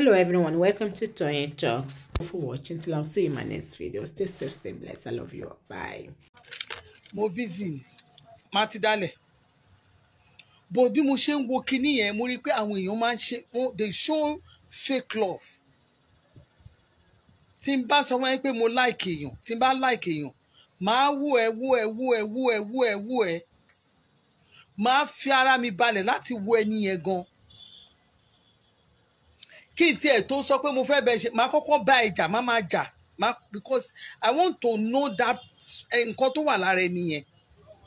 hello everyone welcome to Toyeen Talks Thank you for watching till I see you in my next video stay safe stay blessed i love you all. bye. mo busy má ti dálẹ̀ bó bí mo ṣe ń wo kinní yẹn mo rí i pé àwọn èèyàn máa ń ṣe they show fake love tí n bá sọ wọn pé mo like èèyàn tí n bá like èèyàn màá wú ẹ wú ẹ wú ẹ wú ẹ wú ẹ wú fi ara mi balẹ̀ láti wo ẹni yẹn gan kí n tiẹ̀ tó sọ pé mo fẹ́ bẹ ṣe máa kọ́kọ́ bá ẹ má máa jà because I want to know that nǹkan tó wà lára ẹni yẹn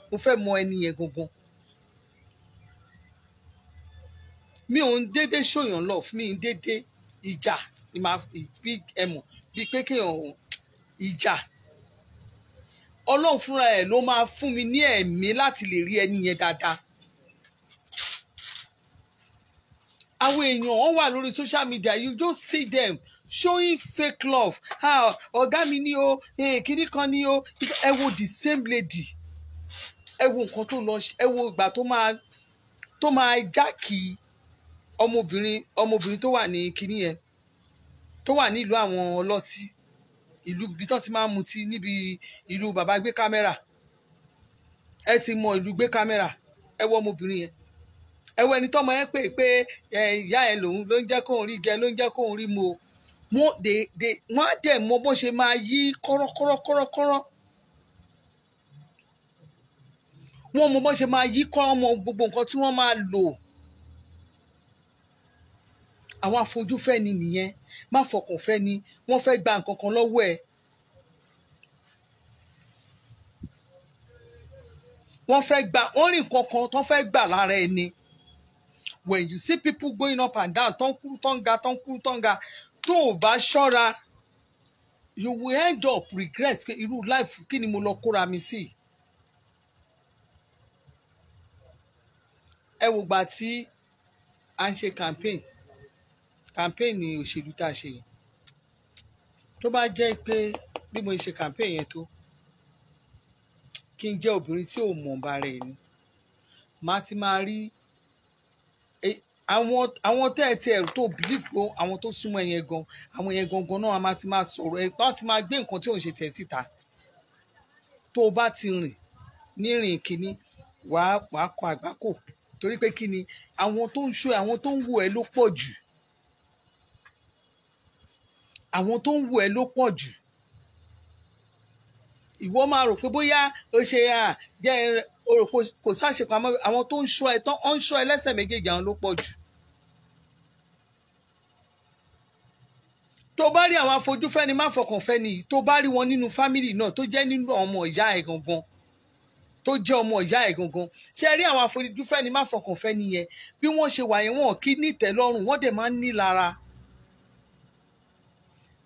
mo fẹ́ mọ ẹni yẹn gangan. mi ò ń dédé ṣòyàn love mi ń dédé ìjà bí ẹmọ bíi pé kéèyàn ìjà ọlọ́run fúnra ẹ̀ ló máa fún mi ní ẹ̀mí láti lè rí ẹni yẹn dáadáa. àwọn èèyàn wọn wà lórí social media you just see them showing fake love ọ̀gá mi ni o kiri kan ni o ẹ wo the same lady ẹ wo nǹkan tó lọ ẹ wo ìgbà tó máa tó máa jákì ọmọbìnrin ọmọbìnrin tó wà ní kinní yẹn tó wà nílùú àwọn ọlọ́tí ìlú ibi tó ti máa ń mutí níbi ìlú bàbá gbé kámẹ́rà ẹ ti mọ ìlú gbé kámẹ́rà ẹ wo ọmọbìnrin yẹn ẹ wo ẹni tọ́mọ yẹn pè pé ìyá ẹ lòun ló ń jẹ́ kóun rí gẹ ló ń jẹ́ kóun rí mu o wọ́n á dẹ̀ mọ bó ṣe máa yí kọ́rọ́kọ́rọ́kọ́rọ́ wọ́n mọ bó ṣe máa yí kọ́ ọmọ gbogbo nǹkan tí wọ́n máa lò àwọn afojúfẹ́ ni nìyẹn má fọkàn fẹ́ ni wọ́n fẹ́ gba nǹkan kan lọ́wọ́ ẹ̀ wọ́n fẹ́ gba wọ́n rí nǹkan kan tó fẹ́ gbà lára ẹni. E when you see people going up and down tó ń kú tó ń ga tó ń kú ga tó o bá ṣọ́ra you will end up regret pé irú life kí ni mo lọ kóra mi sí. ẹ wò gbà tí a ń ṣe campaign campaign ni òṣèlú tá a ṣe yìí tó bá jẹ́ pé bí mo ṣe campaign yẹn tó kí n jẹ́ obìnrin tí ò mọ̀ ọ̀ba rẹ̀ ni màá ti máa rí E, àwọn àwọn tẹ́ ẹ ti ẹ̀rù tó bìlíf pé àwọn tó súnmọ́ ẹ̀yẹn gan àwọn yẹn gangan náà a máa ti máa sọ̀rọ̀ ẹ̀ bá ti máa gbé nǹkan tí ò ń ṣe tẹ̀ síta tó o bá ti rìn ní rìn kínní wàá wàá kọ àgbákò torí pé kí ni àwọn tó ń ṣó àwọn tó ń wò ẹ́ ló pọ̀ jù àwọn tó ń wò ẹ́ ló pọ̀ jù ìwọ máa rò pé bóyá ó ṣe à jẹ́ orò kò sáṣepamọ́ àwọn tó ń ṣọ́ ẹ tán ọ́n ń ṣọ́ ẹ lẹ́sẹ̀ méjèèjì àwọn ló pọ̀ jù. tó bá rí àwọn afojúfẹ́ni má fọkànfẹ́ni tó bá rí wọn nínú fámìlì náà tó jẹ́ nínú ọmọ ìyá ẹ̀ gangan tó jẹ́ ọmọ ìyá ẹ̀ gangan ṣe rí àwọn afojúfẹ́ni má fọkànfẹ́ni yẹn bí wọ́n ṣe wà yẹn wọn kì í ní ìtẹ́lọ́rùn wọ́n dẹ̀ máa ń ní lára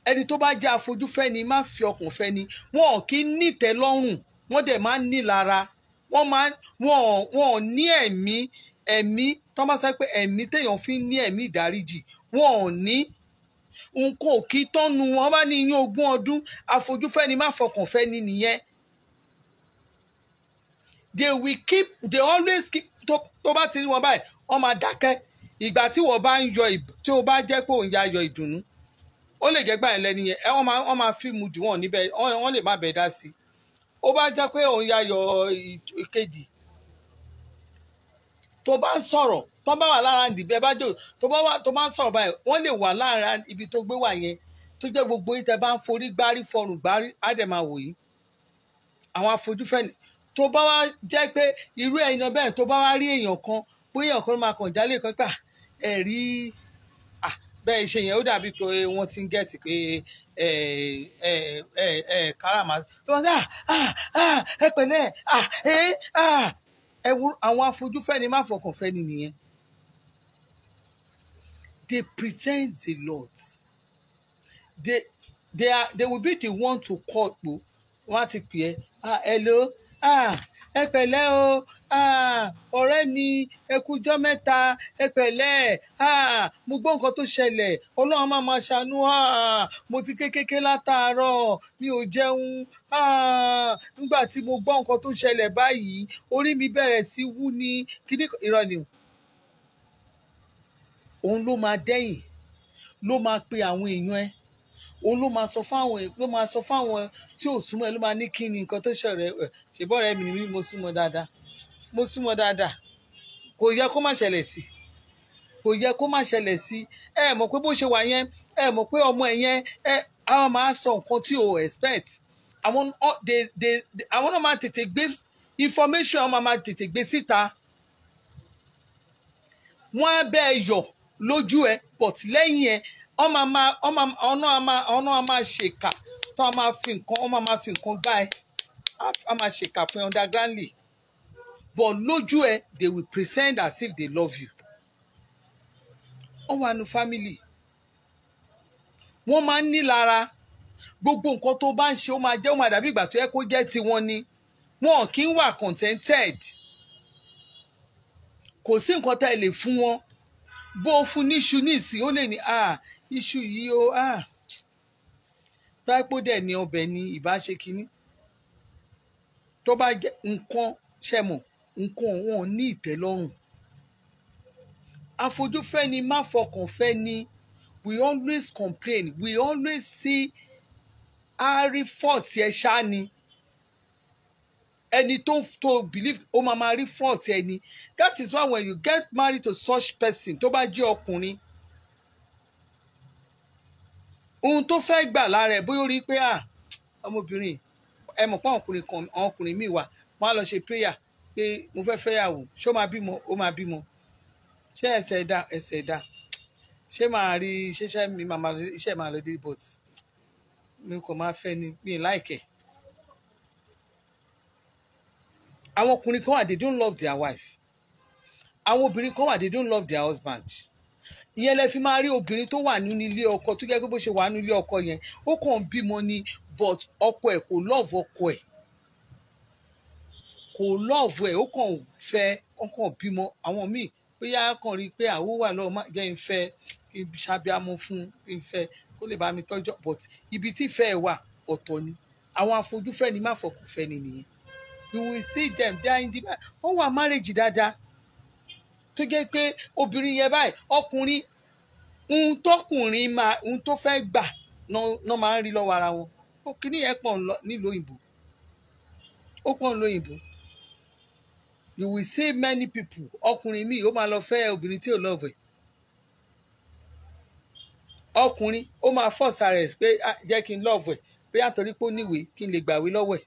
ẹni tó bá jẹ́ àfojúfẹ́ ni má fi ọkàn fẹ́ wọn ò kí nítẹ́ lọ́rùn wọ́n dẹ̀ máa ń nílara wọ́n ò ní ẹ̀mí ẹ̀mí tó bá sọ pé ẹ̀mí téèyàn fi ń ní ẹ̀mí ìdáríjì wọn ò ní nǹkan ò tọ́nu wọn bá ní iyín ogún ọdún àfojúfẹ́ ni má fọkàn fẹ́ nìyẹn they will keep they always keep tó bá ti rí wọn báyìí wọ́n máa dákẹ́ ìgbà tí wọ́n bá ń yọ tí o bá jẹ́ pé òun yà yọ ìdùnnú ó lè jẹ́ gbà yẹn lẹ́ni yẹn wọ́n máa wọ́n máa fíìmù jù wọ́n níbẹ̀ wọ́n lè má bẹ̀ dá sí i ó bá jẹ́ pé òun ya yọ ìkejì tó bá ń sọ̀rọ̀ tó bá wà lára ìdìbẹ́ bá jò tó bá ń sọ̀rọ̀ báyìí wọ́n lè wà lára ibi tó gbé wà yẹn tó jẹ́ gbogbo yìí tẹ́ bá ń forí gbárí fọrùn gbárí á dẹ̀ máa wò yìí àwọn afojúfẹ́ ni tó bá wá jẹ́ pé irú èèyàn bẹ́ẹ̀ tó bá wá rí èèyàn kan bóyá èèyàn máa kàn jálè kan gbà ẹ̀rí bẹ́ẹ̀ ṣe yẹn ó dàbí pé wọ́n ti ń gẹ̀tì pé káràmà ló wọ́n dá ah, ah, ah, ẹ pẹ̀lẹ́ àwọn afojúfẹ́ni má fọkànfẹ́ni nìyẹn they pretend a lot they they are they will be the one to call po wọ́n á ti pè é ah hello ah ẹ o ọ̀rẹ́ mi ẹ kújọ́ mẹ́ta ẹ pẹ̀lẹ́ mo gbọ́ nǹkan tó ṣẹlẹ̀ ọlọ́run máa máa ṣàánú mo ti kékeré látàárọ̀ mi ò jẹun nígbà tí mo gbọ́ nǹkan tó ṣẹlẹ̀ báyìí orí mi bẹ̀rẹ̀ sí wú ni kíní ìrọ̀lẹ́ òun ló máa dẹ́yìn ló máa pe àwọn èèyàn ẹ òun ló máa sọ fáwọn ló máa sọ fáwọn tí ò súnmọ́ ẹ ló máa ní kí ni nǹkan tó ṣẹlẹ̀ ẹ ṣèbọ̀ rẹ mi ni mo súnmọ́ dáadáa mo súnmọ́ dáadáa kò yẹ kó má ṣẹlẹ̀ sí kò yẹ kó má ṣẹlẹ̀ sí ẹ mọ̀ pé bó ṣe wà yẹn ẹ mọ̀ pé ọmọ ẹ yẹn ẹ àwọn máa sọ nǹkan tí o expect àwọn náà máa tètè gbé information àwọn máa tètè gbé síta wọ́n á bẹ́ẹ̀ yọ̀ lójú ẹ but lẹ́yìn ẹ ọmọ ọmọ ọ̀nà a máa ṣèkà tó a máa fi nǹkan ọmọ a máa fi nǹkan gbá ẹ a máa ṣèkà fún undergroundly but lójú ẹ they will present as if they love you ọ wà family wọ́n máa ń nílara gbogbo nǹkan tó bá ń ṣe ó máa jẹ́ ó máa dàbí ìgbà tó yẹ kó jẹ́ tiwọn ni wọn kì í wà contented kò sí nǹkan tá ẹ lè fún wọn bó o fún níṣu nísìn ó lè ní ah iṣu yìí o ah táìpó dẹ̀ ni ọbẹ̀ ni ìbá kínní tó bá jẹ́ nǹkan ṣẹ̀mọ̀ nǹkan wọn ní ìtẹ́lọ́rùn àfojúfẹ́ má fọkàn fẹ́ ni we always complain we always see ari fault ẹ ṣá ni ẹni tó tó believe ó máa máa rí fault ẹni that is why when you get married to such person tó bá jẹ́ ọkùnrin ohun tó fẹ́ gbà lára ẹ̀ bóyá ó rí i pé à ọmọbìnrin ẹ mọ̀ pé ọkùnrin kan ọkùnrin míì wà wọ́n á lọ ṣe prayer pé mo fẹ́ fẹ́yàwó ṣé ó máa bímọ ó máa bímọ ṣé ẹsẹ̀ dá ẹsẹ̀ dá ṣé màá rí ṣẹṣẹ mi màá iṣẹ́ màá lọ dé but mi kò máa fẹ́ ni mi ì láìkẹ́. àwọn ọkùnrin kan wà they don't love their wife àwọn obìnrin kan wà they don't love their husband ìyẹn lẹ fi máa rí obìnrin tó wà nínú ilé ọkọ tó jẹ́ pé bó ṣe wà nínú ilé ọkọ yẹn ó kàn bímọ ni but ọkọ ẹ̀ kò love ọkọ ẹ̀ kò love ẹ̀ ó kàn fẹ́ ọkàn bímọ àwọn míì bóyá kàn rí i pé àwo wà lọ́wọ́ má jẹ́ ìfẹ́ ìṣàbíamọ fún ìfẹ́ kó lè bá mi tọ́jọ́ but ibi tí ìfẹ́ ẹ̀ wà ọ̀tọ̀ ni àwọn afojúfẹ́ ni má fọkùnfẹ́ ni nìyẹn you will see them they are in the wọ́n wà marriage dáadáa tó jẹ́ pé obìnrin yẹn báyìí ọkùnrin ohun tọkùnrin máa ohun tó fẹ́ gbà náà máa ń rí lọ́wọ́ ara wọn ó kíní yẹn pọ̀ nílùú òyìnbó ó pọ̀ nílùú òyìnbó you will see many people ọkùnrin míì ó máa lọ fẹ́ obìnrin tí ò lọ́ọ̀fẹ́ ọkùnrin ó máa force ara pé ah, jẹ́ kí n lọ́ọ̀fẹ́ pé àtọ́rí pé ó níwèé kí n lè gbàwé lọ́wọ́ ẹ̀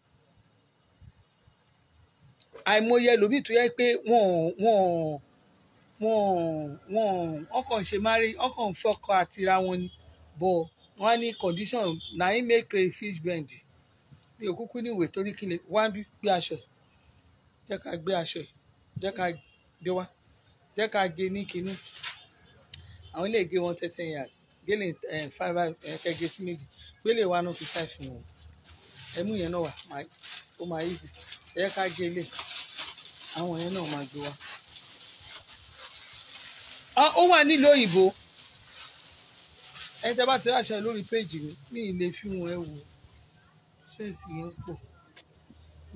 àìmọye ẹlòmíì tó yẹ pé wọ́n wọ́n wọn ọkàn ṣe máa rí ọkàn àti ra wọn ni bọ wọn ní condition na im make crayfish bend mi ò kúkú ìwé torí kí ni wá bí gbé aṣọ ẹ jẹ́ ká gbé aṣọ ẹ jẹ́ ká gbé wá jẹ́ ká gé ní kinní àwọn ilé gé wọn thirteen years gélé five kẹgẹ sí méjì gbélé wa náà fi five wọn ẹmú yẹn náà wà ó máa easy ẹ jẹ́ ká gé ilé àwọn yẹn náà máa gbé wá. Ah, ó wà nílùú òyìnbó ẹni tẹ́ bá ti ráṣẹ lórí péjì mi mi ì lè fi wọn ẹ wò ṣẹ́ẹ̀sì yẹn ń pọ̀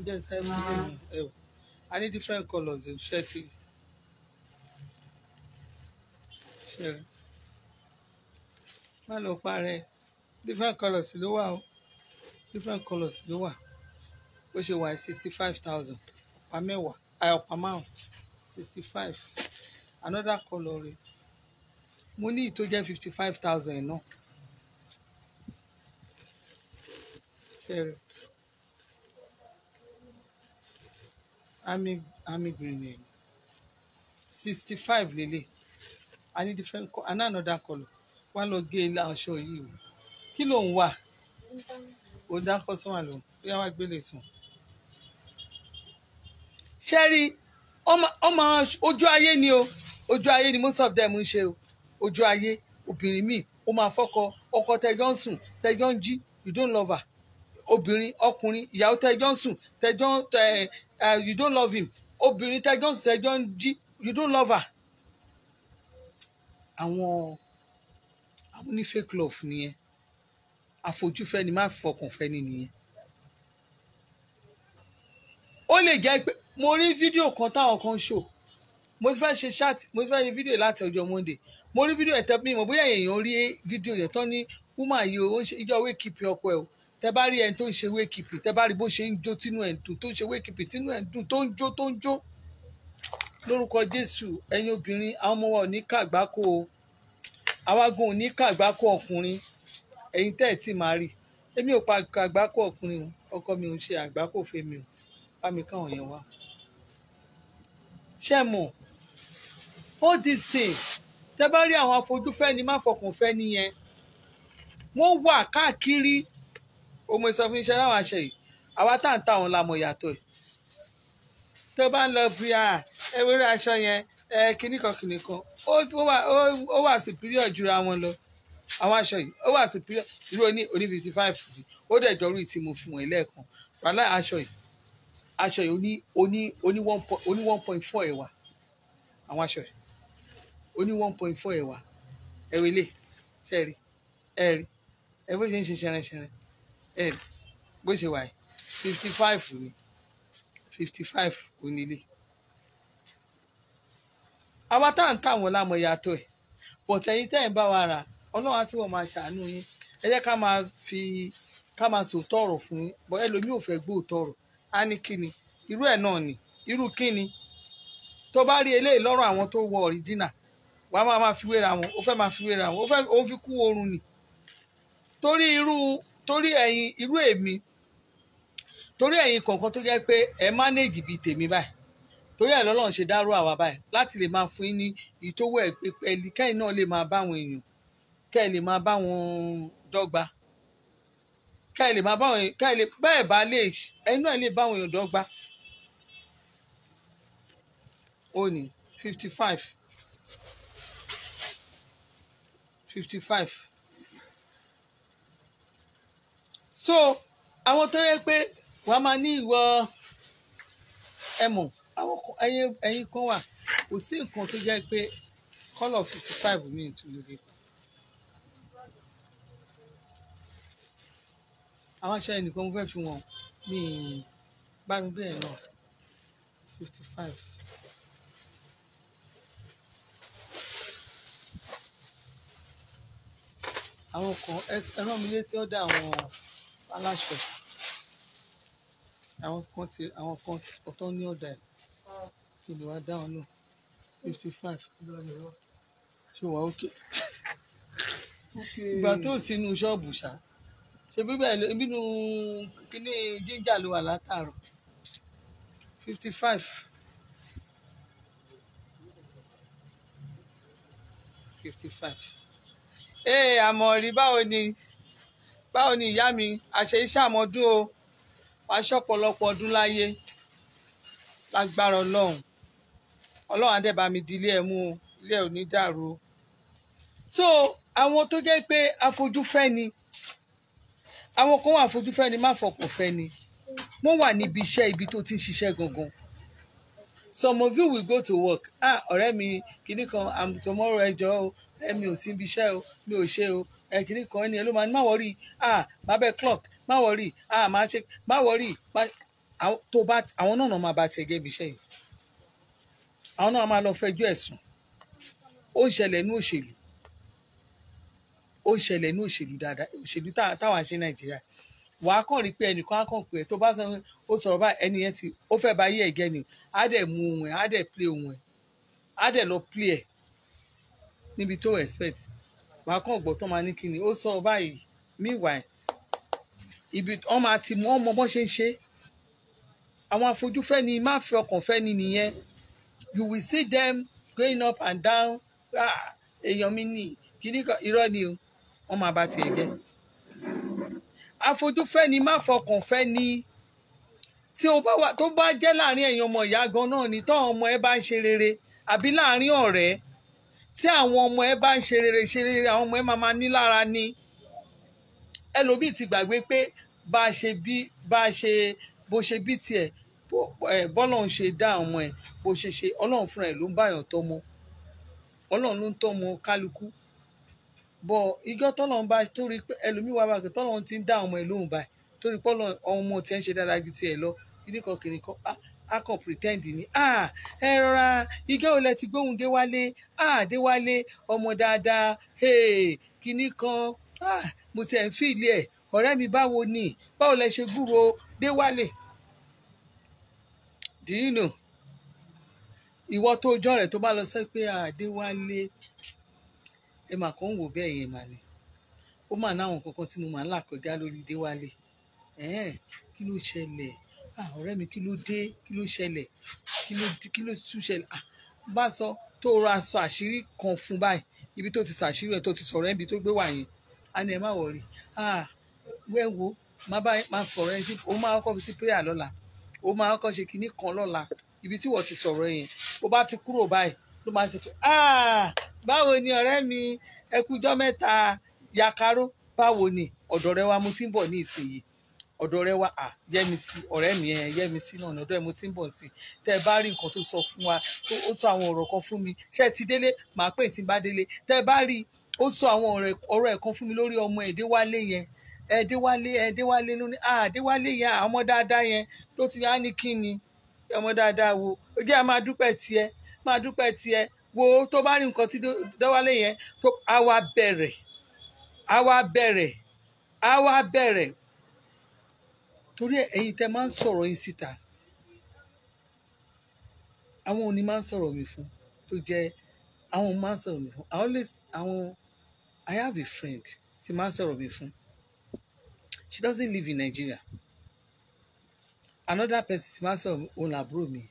ǹjẹ́ sáré mi lè mú ẹ wò I need different colours in ṣẹ́ẹ̀tì ṣẹ́ẹ̀rì má lọ parẹ́ different colours ló wà o different colours ló wà ó ṣe wà sixty five thousand ọ̀pá mẹ́wàá ọ̀pá márùn-ún sixty five another colour rẹ̀ mo ní ìtó jẹ́ fifty five thousand náà ṣẹ̀rẹ̀ army army green name sixty five lélẹ̀ I need different colour and another color. wá lọ gé ilé e aṣọ yìí o kí ló ń wà ó dá kọ́sọ́mà lòun ó yá wá gbélé e sùn ṣẹ́rí ọmọ ojú ayé ni o ojú ayé ni most of them ń ṣe o ojú ayé obìnrin míì ó máa fọkọ ọkọ tẹjọ ń sùn tẹjọ ń jí you don't love her obìnrin ọkùnrin ìyàwó tẹjọ ń sùn tẹjọ you don't love him obìnrin tẹjọ ń sùn tẹjọ ń jí you don't love her. àwọn àwọn oní fake love nìyẹn àfojúfẹ́ni má fọkànfẹ́ni nìyẹn ó lè jẹ́ pé mo rí fídíò kan táwọn kan ṣò mo fẹ́ ṣe chat mo fẹ́ ṣe fídíò láti ọjọ́ monday mo rí fídíò ẹ̀tẹ́ mi mọ̀ bóyá èèyàn rí fídíò yẹn tán ní woman yìí ó ń ṣe ìjọ wékìpì ọkọ ẹ̀ o tẹ bá rí ẹni tó ń ṣe wékìpì tẹ bá rí bó ṣe ń jó tínú ẹ̀ ń dùn tó ń ṣe wékìpì tínú ẹ̀ ń dùn tó ń jó tó ń jó lórúkọ jésù ẹ̀yin obìnrin àwọn ọmọ wa ò ní kàgbákò o àwagun ò ní kàgbákò ọkùnrin ẹ̀yin tẹ́ ẹ̀ tí máa rí èmi ò pa àgbákò ọkùnrin ọkọ mi ò ń ṣe àgbákò fẹ́mi o bá káwọn yẹn wá ṣe mọ̀ all these things tẹ́ bá rí àwọn afojúfẹ́ni má fọkàn fẹ́ nìyẹn wọ́n wà káàkiri ọmọ ìsọfún iṣẹ́ náà wà ṣe yìí àwa tá à ń ta àwọn lamọ̀ yàtọ̀ ẹ̀ tẹ́ bá ń lọ fi hàn ewúrẹ́ aṣọ yẹn ẹ kìnnìkan kìnnìkan ó wà superior jura wọn lọ àwọn aṣọ yìí ó wà superior irú oní oní fifty five ó dẹ̀ jọrú ìtì fún ẹ lẹ́ẹ̀kan wàhálà aṣọ yìí aṣọ yìí oní oní oní one point oní one point four ẹ̀wà àwọn aṣọ yìí oní one point four ẹ̀wà ẹ̀wẹ̀ lè ṣe rí ẹ̀ rí ẹ̀ bó ṣe ń ṣe ṣẹrẹṣẹrẹ ẹ̀ rí bó ṣe wà yìí fifty five ni fifty five onílé àwa tá à ń tà wọ́n lámọ̀ yàtọ̀ ẹ̀ bọ̀tẹ̀ yìí tẹ́ ẹ̀ ń bá wa rà ọlọ́run àti wọ́n máa ṣàánú yín ẹ jẹ́ ká máa fi ká máa sòótọ́ ọ̀rọ̀ fún yín bọ́ ẹlòmíì ò fẹ́ gbóòótọ́ ọ̀rọ̀ á ní kíni irú ẹ̀ náà ni irú kíni tó bá rí eléyìí lọ́rùn àwọn tó wọ ọ̀ríjìnà wà á máa máa fi wéra wọn ó fẹ́ máa fi wéra wọn ó fẹ́ ó fi kú oorun ni torí irú torí ẹ̀yin irú èmi torí ẹ̀yin kọ̀ọ̀kan tó jẹ́ pé ẹ mánéèjì bíi tèmi báyìí torí ẹ̀ lọ́lọ́run ṣe dárò àwa báyìí láti lè máa fún yín ní ìtòwò ẹ̀ẹ́dẹ́kẹ́yìn náà lè máa bá àwọn èèyàn kẹ́ lè máa bá wọn dọ́gba ká ẹ lè máa báwọn ká ẹ lè bẹ́ẹ̀ bá lè ẹnu ẹ lè báwọn èèyàn dọ́gba. òní fifty five fifty five so àwọn tó yẹ pé wàá máa ní ìwọ ẹmọ àwọn ẹyin kan wà kò sí nǹkan tó jẹ́ pé kọlọ fifty five mi ìtúlẹ̀ nípa. àwọn aṣọ ẹnìkan mo fẹ́ fi wọn mi bá mi bẹ́ẹ̀ náà fifty five. àwọn kan ẹran mi létí ọ̀dà àwọn aláṣọ àwọn kan ti àwọn kan ọ̀tọ̀ ní ọ̀dà ẹ̀ kí ni wàá dá wọn lò fifty five ṣé wàá ókè ìgbà tó sínú ṣọ́ọ̀bù ṣáá ṣe bíbẹ̀ nínú kíní jíjà ló wà látàárọ̀ fifty five. fifty five. ee eh, àmọ̀rí báwo ni báwo ni ìyá mi àṣẹ iṣẹ́ àmọ́dún o aṣọ ọ̀pọ̀lọpọ̀ ọdún láyé lágbára ọlọ́run ọlọ́run àdẹ́bà mi di ilé ẹ̀ mú o ilé ẹ̀ ò ní dàrú o. so àwọn tó jẹ́ pé afojúfẹ́ ni àwọn kan wà fojú fẹ́ni má fọkàn fẹ́ni wọ́n wà níbi iṣẹ́ ibi tó ti ń ṣiṣẹ́ gangan some of you will go to work ah ọ̀rẹ́ mi kìíní kan am tomorrow ẹ jọ̀ọ́ o ẹ mi ò sí ibi iṣẹ́ o mi ò ṣe o ẹ kìíní kan ẹni ẹ ló máa má wọrí ah má bẹ clock má wọrí ah má ṣe má wọrí má tó bá àwọn náà máa bá tiẹ̀ gẹ́ ibi iṣẹ́ yìí àwọn náà máa lọ fẹjọ́ ẹ̀sùn ó ń ṣẹlẹ̀ ní òṣèlú ó ṣẹlẹ̀ ní òṣèlú dáadáa òṣèlú táwa ṣe nàìjíríà wàá kàn rí pé ẹnìkan á kàn pé tó bá sọ ó sọ̀rọ̀ báyìí ẹni yẹn ti ó fẹ́ bá yí ẹ̀ ni á dẹ̀ mú ohun ẹ̀ á dẹ̀ play ohun ẹ̀ á dẹ̀ lọ play ẹ̀ níbi tó expect wàá kàn gbọ́ tó máa ní kíni ó sọ báyìí meanwhile ibi wọ́n máa ti mọ́ ọmọ bọ́ ṣe ń ṣe àwọn afojúfẹ́ ni má fi ọkàn fẹ́ ni nìyẹn you will see them going up and down ah, èèyàn mi nì kíní irọ́ ni o wọ́n máa bá tiẹ̀ jẹ́ àfojúfẹ́ ni má fọkàn fẹ́ ni tí o bá wà tó bá jẹ́ láàrin ẹ̀yin ọmọ ìyá gan náà ni tọ́ ọmọ ẹ bá ń ṣe rere àbí láàrin ọ̀rẹ́ tí àwọn ọmọ ẹ bá ń ṣe rere ṣe rere àwọn ọmọ ẹ máa ní lára ni ẹlòmíì ti gbàgbé pé bá a ṣe bí bá a ṣe bó ṣe bí tiẹ̀ bọ́lọ̀ ń ṣe dá ọmọ ẹ̀ bó ṣe ṣe ọlọ́run fúnra ẹ̀ ló ń báyọ̀ tọ́mọ ọlọ́run ló ń tọ́mọ kálukú bọ̀ ìjọ tọ́lọ́run bá torí pé ẹlòmíì wà bàgẹ́ tọ́lọ́run ti ń dá ọmọ ẹ̀ lóhùn báyìí torí pé ọmọ tiẹ̀ ń ṣe dáadáa ju tiẹ̀ lọ kíníkan kíníkan a kàn pretend ni ah ẹ rọra ìjọ ò lẹ ti gbóhùn déwálé ah déwálé ọmọ dáadáa hey kíníkan ah mo tiẹ̀ ń fi ilé ẹ̀ ọ̀rẹ́ mi báwo ni báwo lẹ ṣe gbúrò déwálé do you know ìwọ tó jọ rẹ̀ tó bá lọ sọ pé ah déwálé ẹ mà kàn ń wò bẹ́ẹ̀ yẹn mà ni ó mà náwọn kankan tí mo mà ń là kọjá lórí déwálé kí ló ṣẹlẹ̀ ọ̀rẹ́ mi kí ló dé kí ló ṣẹlẹ̀ kí ló tún ṣẹlẹ̀ bá sọ tó ra sọ àṣírí kan fún báyìí ibi tó ti ṣàṣírí ẹ̀ tó ti sọ̀rọ̀ ẹ̀ ibi tó gbé wà yẹn á ní ẹ má wọ̀rí wẹ́wọ́ má bá má sọ̀rọ̀ ẹ̀ sí o máa kọ́ fi sí prayer lọ́la o máa kọ́ ṣe kinní kan lọ́la ibi tí wọ́n ti sọ̀rọ̀ yẹn o bá ti kúrò báyìí ló máa ti pé báwo ni ọ̀rẹ́ mi ẹkújọ́ mẹ́ta yakaro báwo ni ọ̀dọ̀ rẹ wa mo ti ń bọ̀ ní ìsinyìí ọ̀dọ̀ rẹ wa à yẹ́misí ọ̀rẹ́ mi ẹ̀ yẹ́misí náà ọ̀dọ̀ ẹ̀ mo ti ń bọ̀ sí i tẹ́ ẹ bá rí nǹkan tó sọ fún wa tó ó sọ àwọn ọ̀rọ̀ kan fún mi ṣé ẹ ti délé màá pè tí n bá délé tẹ́ ẹ bá rí ó sọ àwọn ọ̀rọ̀ ẹ̀ kan fún mi lórí ọmọ ẹ̀dẹ́wálé yẹn yẹn ọmọ dáadáa yẹn wo tó bá rí nǹkan tí Dáwálé yẹn tó á wá bẹ̀rẹ̀ á wá bẹ̀rẹ̀ á wá bẹ̀rẹ̀ torí ẹ̀yin tẹ́ máa ń sọ̀rọ̀ yín síta àwọn òní máa ń sọ̀rọ̀ mi fún tó jẹ́ àwọn máa ń sọ̀rọ̀ mi fún àwọn àwọn I have a friend tí máa ń sọ̀rọ̀ mi fún she doesn't live in Nigeria another person tí máa ń sọ̀rọ̀ òun làbúrò mi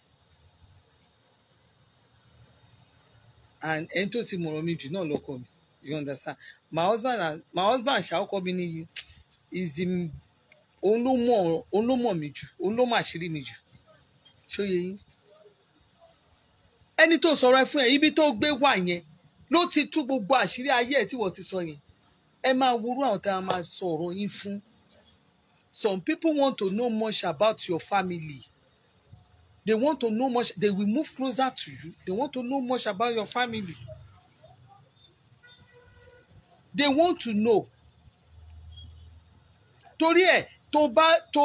and ẹni tó ti mọ̀rọ̀ mi jù náà lọ́kọ mi you understand my husband and my husband ṣàkọ́kọ́ mi ni is the òun ló mọ̀ òun ló mọ̀ mi jù òun ló mọ̀ àṣírí mi jù ṣóye yín ẹni tó sọ̀rọ̀ ẹ fún ẹ ibi tó gbé wà yẹn ló ti tú gbogbo àṣírí ayé ẹ tí wọ́n ti sọ yẹn ẹ máa wúrú àwọn tá a máa sọ̀rọ̀ yín fún some people want to know much about your family They want to know much. They will move closer to you. They want to know much about your family. They want to know. Torí ẹ̀ tó bá tó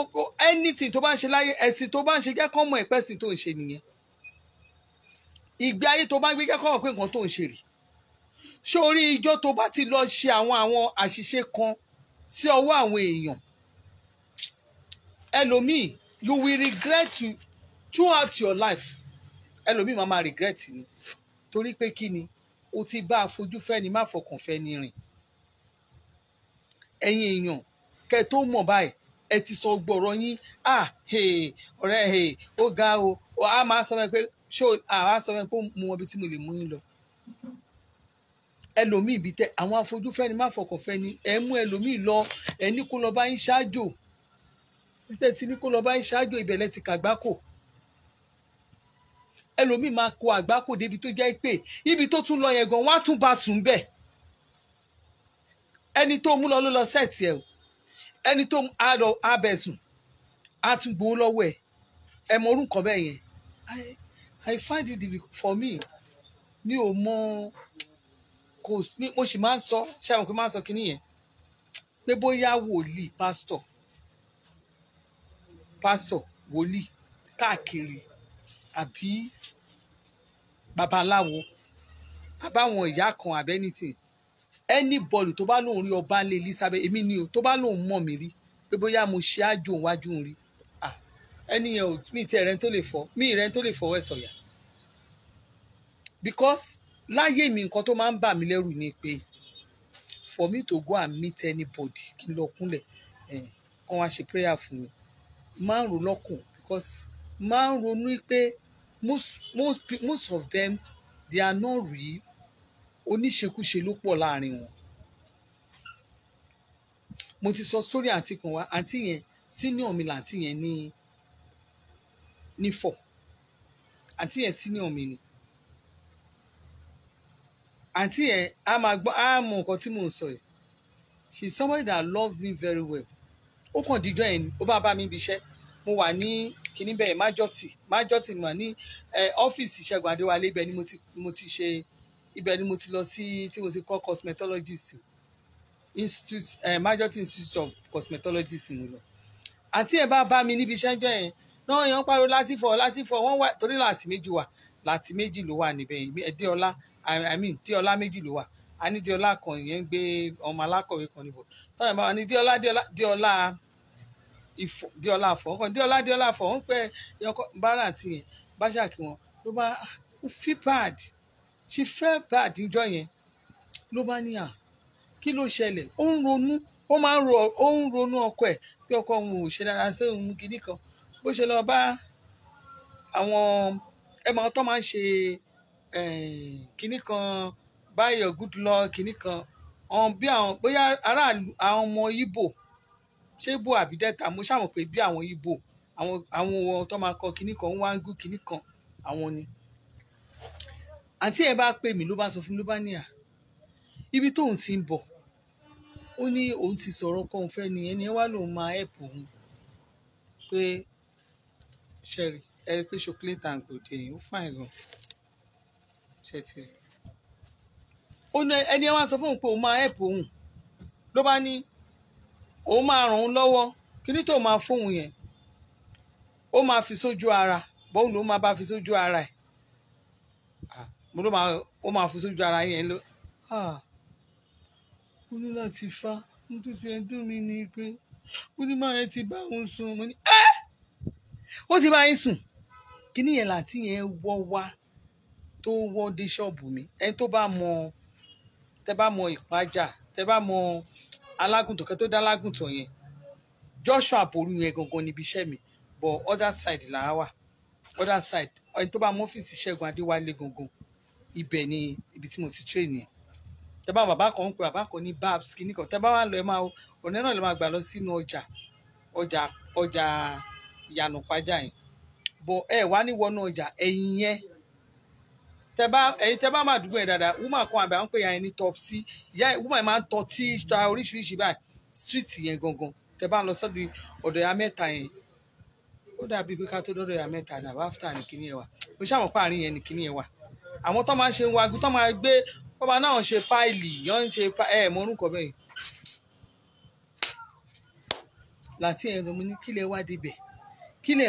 anything tó bá ń ṣe láyé ẹ̀sìn tó bá ń ṣe jẹ́ kọ́ mọ̀ ẹ̀pẹ́sìn tó ń ṣe nìyẹn. Ìgbé ayé tó bá ń gbé jẹ́ kọ́ mọ̀ pé nǹkan tó ń ṣe rèé sórí ijó tó bá ti lọ ṣe àwọn àwọn àṣìṣe kan sí ọwọ́ àwọn èèyàn ẹlòmíì you will regret throughout your life ẹlòmíì máa máa regret ni torí pé kí ni o ti bá afojú fẹ́ni má fọkàn fẹ́ni rìn ẹ̀yin èèyàn kẹ́ tó mọ̀ báyìí ẹ ti sọ gbọ̀rọ̀ yín ah ọ̀rẹ́ ó ga o a máa sọ pé ṣó àwa sọ pé mo mọ ibi tí mo lè mú yín lọ ẹlòmíì bíi tẹ àwọn afojúfẹ́ni má fọkàn fẹ́ni ẹ mú ẹlòmíì lọ ẹ ní kó lọ bá yín ṣáájò títẹ̀ ní kó lọ bá yín ṣáájò ìbẹ̀lẹ̀ ti kàgbákò ẹlòmíì máa kó àgbákò débi tó jẹ́ pé ibi tó tún lọ yẹn gan wọ́n á tún bá sùn bẹ́ẹ̀ ẹni tó mú lọ ló lọ sẹ́ẹ̀tì ẹ̀ ẹni tó àdọ̀ abẹ̀sùn á tún gbowó lọ́wọ́ ẹ̀ ẹ̀ mọ orú nǹkan bẹ́ẹ̀ yẹn I find it difficult for me mi ò mọ kò mo sì máa ń sọ ṣé àwọn òkè máa ń sọ kinní yẹn pé bóyá wòlíì pásítọ̀ pásítọ̀ wòlíì káàkiri àbí babaláwo àbáwọn ìyá kan àbí anything anybody tó bá lóun rí ọba lé Elizabeth èmi ni o tó bá lóun mọ̀ mí rí pé bóyá mo ṣe àjò wájú rí ẹni yẹn ò mí ti ẹ̀rẹ́ tó lè fọ́ mí ìrẹ́ tó lè fọwọ́ ẹ̀ because láyé mi nǹkan tó máa ń bà mí lẹ́rù ni pé for me to go and meet anybody kí n lọ kúnlẹ̀ kán wá ṣe prayer fún mi máa ń ro lọ́kàn because máa ń ronú pé most most most of them they are not real oníṣekúṣe ló pọ̀ láàrin wọn mo ti sọ sórí àǹtí kan wá àǹtí yẹn senior mi làǹtí yẹn ní ní fọ àǹtí yẹn senior mi ni àǹtí yẹn a máa gbọ́ a mọ nǹkan tí mò ń sọ yìí she is somebody that love me very well ó kàn díjọ́ yẹn ni ó bá bá mi bí iṣẹ́ mo wà ní kínní bẹ́ẹ̀ májọ́tì májọ́tì mà ní ọ́fíìsì Ṣẹ́gun Adéwálé ibẹ̀ ni mo ti ṣe ibẹ̀ ni mo ti lọ sí tí mo ti kọ́ cosmetologist institute majority institute of cosmetologist mo lọ àti ẹ̀ bá bá mi níbi iṣẹ́ jọ yẹn náà yẹn ń pariwo láti fọ láti fọ wọ́n wà torí láti méjì wà láti méjì ló wà níbẹ̀ yìí dé ọlá i mean dé ọlá méjì ló wà a ní dé ọlá kan yẹn ń gbé ọmọ alákọ̀wé kan níbọ̀ táwọn bá wà ní dé ọlá dé ìfọ díọlá àfọ ọkọ díọlá díọlá àfọ ń pẹ yọkọ bára àti yẹn bá ṣàkí wọn ló bá ah, feel bad she felt bad níjọ́ yẹn ló bá ní à ah, kí ló ṣẹlẹ̀ ó ń ronú ó máa ń ro ó ń ronú ọkọ ẹ̀ pé ọkọ òun ò ṣe dára sí òun gidi kan bó ṣe lọ bá àwọn ẹmọ tó máa ń ṣe kinní kan báyọ̀ good luck kinní kan bí àwọn bóyá aráàlú àwọn ọmọ Ìgbò ṣé ibo àbí delta mo ṣàmọ̀ pé bí àwọn ibo àwọn àwọn tó máa kọ kinní kan wá ń gún kinní kan àwọn ni àǹtí ẹ bá pè mí ló bá sọ fún mi ló bá níyà ibi tóun ti ń bọ̀ ó ní òun ti sọ̀rọ̀ kan òun fẹ́ ni ẹni ẹ wá lòun máa help òun pé ṣẹ́rí ẹ rí i pé chocolate and gòdè yìí ó fàìn gan ṣe ti rí ẹni ẹ wá sọ fún òun pé òun máa help òun ló bá ní ó máa ràn án lọ́wọ́ kíní tó máa fóun yẹn ó máa fi sójú ara bóun ló máa bá fi sójú ara ẹ̀ ah, mo ló máa ó máa fi sójú ara yẹn ló ah, mo ní láti fa mo tún fi ẹdún mi ní pé mo ní máa yẹn ti bá òun sùn mo ní ẹ́ ó ti bá yín sùn kíní yẹn láti yẹn wọ́ wá tó wọ́ dé ṣọ́ọ̀bù mi ẹni tó bá mọ tẹ bá mọ ìpájà tẹ bá mọ alágùntàn kẹ́ tó dá alágùntàn yẹn joshua àpòrú yẹn gangan níbi iṣẹ́ mi but other side là á wà other side ẹni tó bá mọ ọ́fíìsì ṣẹ́gun adéwálé gangan ibẹ̀ ni ibi tí mo ti train yẹn tẹ́bá bàbá kan ń pe bàbá kan ní babs kìíní kan tẹ́bá wà lọ ẹ máa ọ̀nà náà lè máa gbà lọ sínú ọjà ọjà ọjà ìyànà pàjá yẹn bọ̀ ẹ wá ní wọnú ọjà ẹ̀yìn yẹn tẹ́bá ẹ̀yin tẹ́bá máa dùgbò yẹn dáadáa woman kan àbẹ̀ àwọn pè yàn ní top c ìyá woman máa ń tọ́ tí ta oríṣiríṣi báyìí street yẹn gangan tẹ́bá lọ sọ́dọ̀ ọ̀dọ̀ ya mẹ́ta yẹn ó dàbí pé ká tó dọ́dọ̀ ya mẹ́ta ní àbá after ní kíní yẹn wà mo ṣàmọ̀ pé àárín yẹn ní kíní yẹn wà àwọn tó máa ń ṣe wagu tó máa gbé bọ́ba náà ṣe páìlì yọ́n ń ṣe ẹ̀ mọ orúkọ bẹ́ẹ̀ láti kiri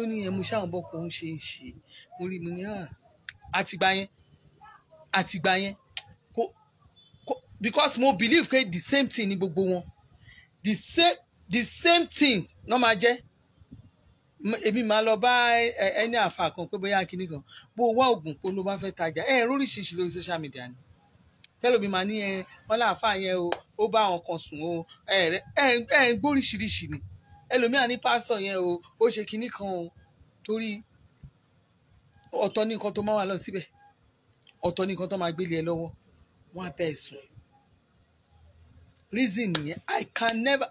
lónìí ẹ̀ mo ṣàwọn àtìgbà yẹn àtìgbà yẹn kò kò because mo believe pé the same thing ni gbogbo wọn the same the same thing ló máa jẹ́ èmi máa lọ bá ẹni àfa kan pé bóyá kinní kan bó wá oògùn kó ló bá fẹ́ tajà ẹ̀ lóríṣiríṣi lórí social media ni tẹ́lómi máa ní ẹ wọn láàfáà yẹn o ó bá àwọn kan sùn o ẹ ẹ ń gbóríṣiríṣi ni ẹlòmíà ní pásọ yẹn o ó ṣe kinní kan o torí ọ̀tọ̀ ní nǹkan tó máa wà lọ síbẹ̀ ọ̀tọ̀ ní nǹkan tó máa gbélé ẹ lọ́wọ́ wọ́n á bẹ́ẹ̀ sùn reason nìyẹn i can never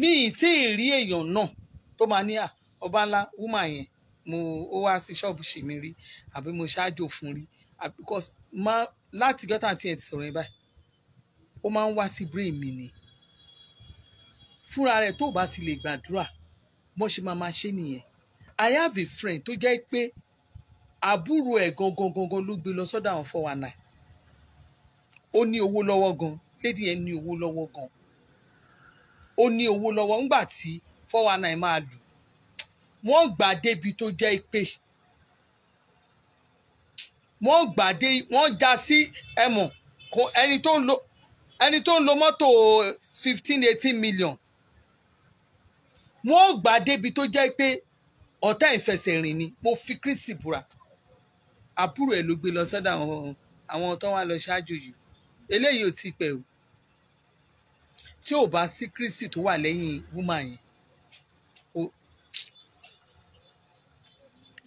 mi ì tí ì rí èèyàn náà tó máa ní à ọba ńlá woman yẹn mo ó wá sí ṣọ́ọ̀bù ṣì mí rí àbí mo ṣáájò fún rí because ma láti gọ́tà tí ẹ ti sọ̀rọ̀ yẹn báyìí ó máa ń wá sí brain mi ni fúnra rẹ̀ tó bá ti lè gbàdúrà mo ṣe máa máa ṣe nìyẹn i have a friend tó jẹ́ pé àbúrò ẹ̀ gangan gangan ló gbé lọ sọ́dọ̀ àwọn four one nine ó ní owó lọ́wọ́ gan lady yẹn ní owó lọ́wọ́ gan ó ní owó lọ́wọ́ ńgbà tí four one nine máa lù wọ́n gbà débi tó jẹ́ pé wọ́n gbà dé wọ́n já sí ẹ̀mọ̀ ẹni tó ń lo ẹni tó ń lo mọ́tò fifteen eighteen million wọ́n gbà débi tó jẹ́ pé ọ̀tá ìfẹsẹ̀rìn ni mo fi Kristi búra àbúrò ẹ̀ ló gbé lọ sọ́dọ̀ àwọn àwọn tó wà lọ ṣáájú yìí eléyìí ò ti pẹ́ o tí ò bá sí Kristi tó wà lẹ́yìn wúmà yẹn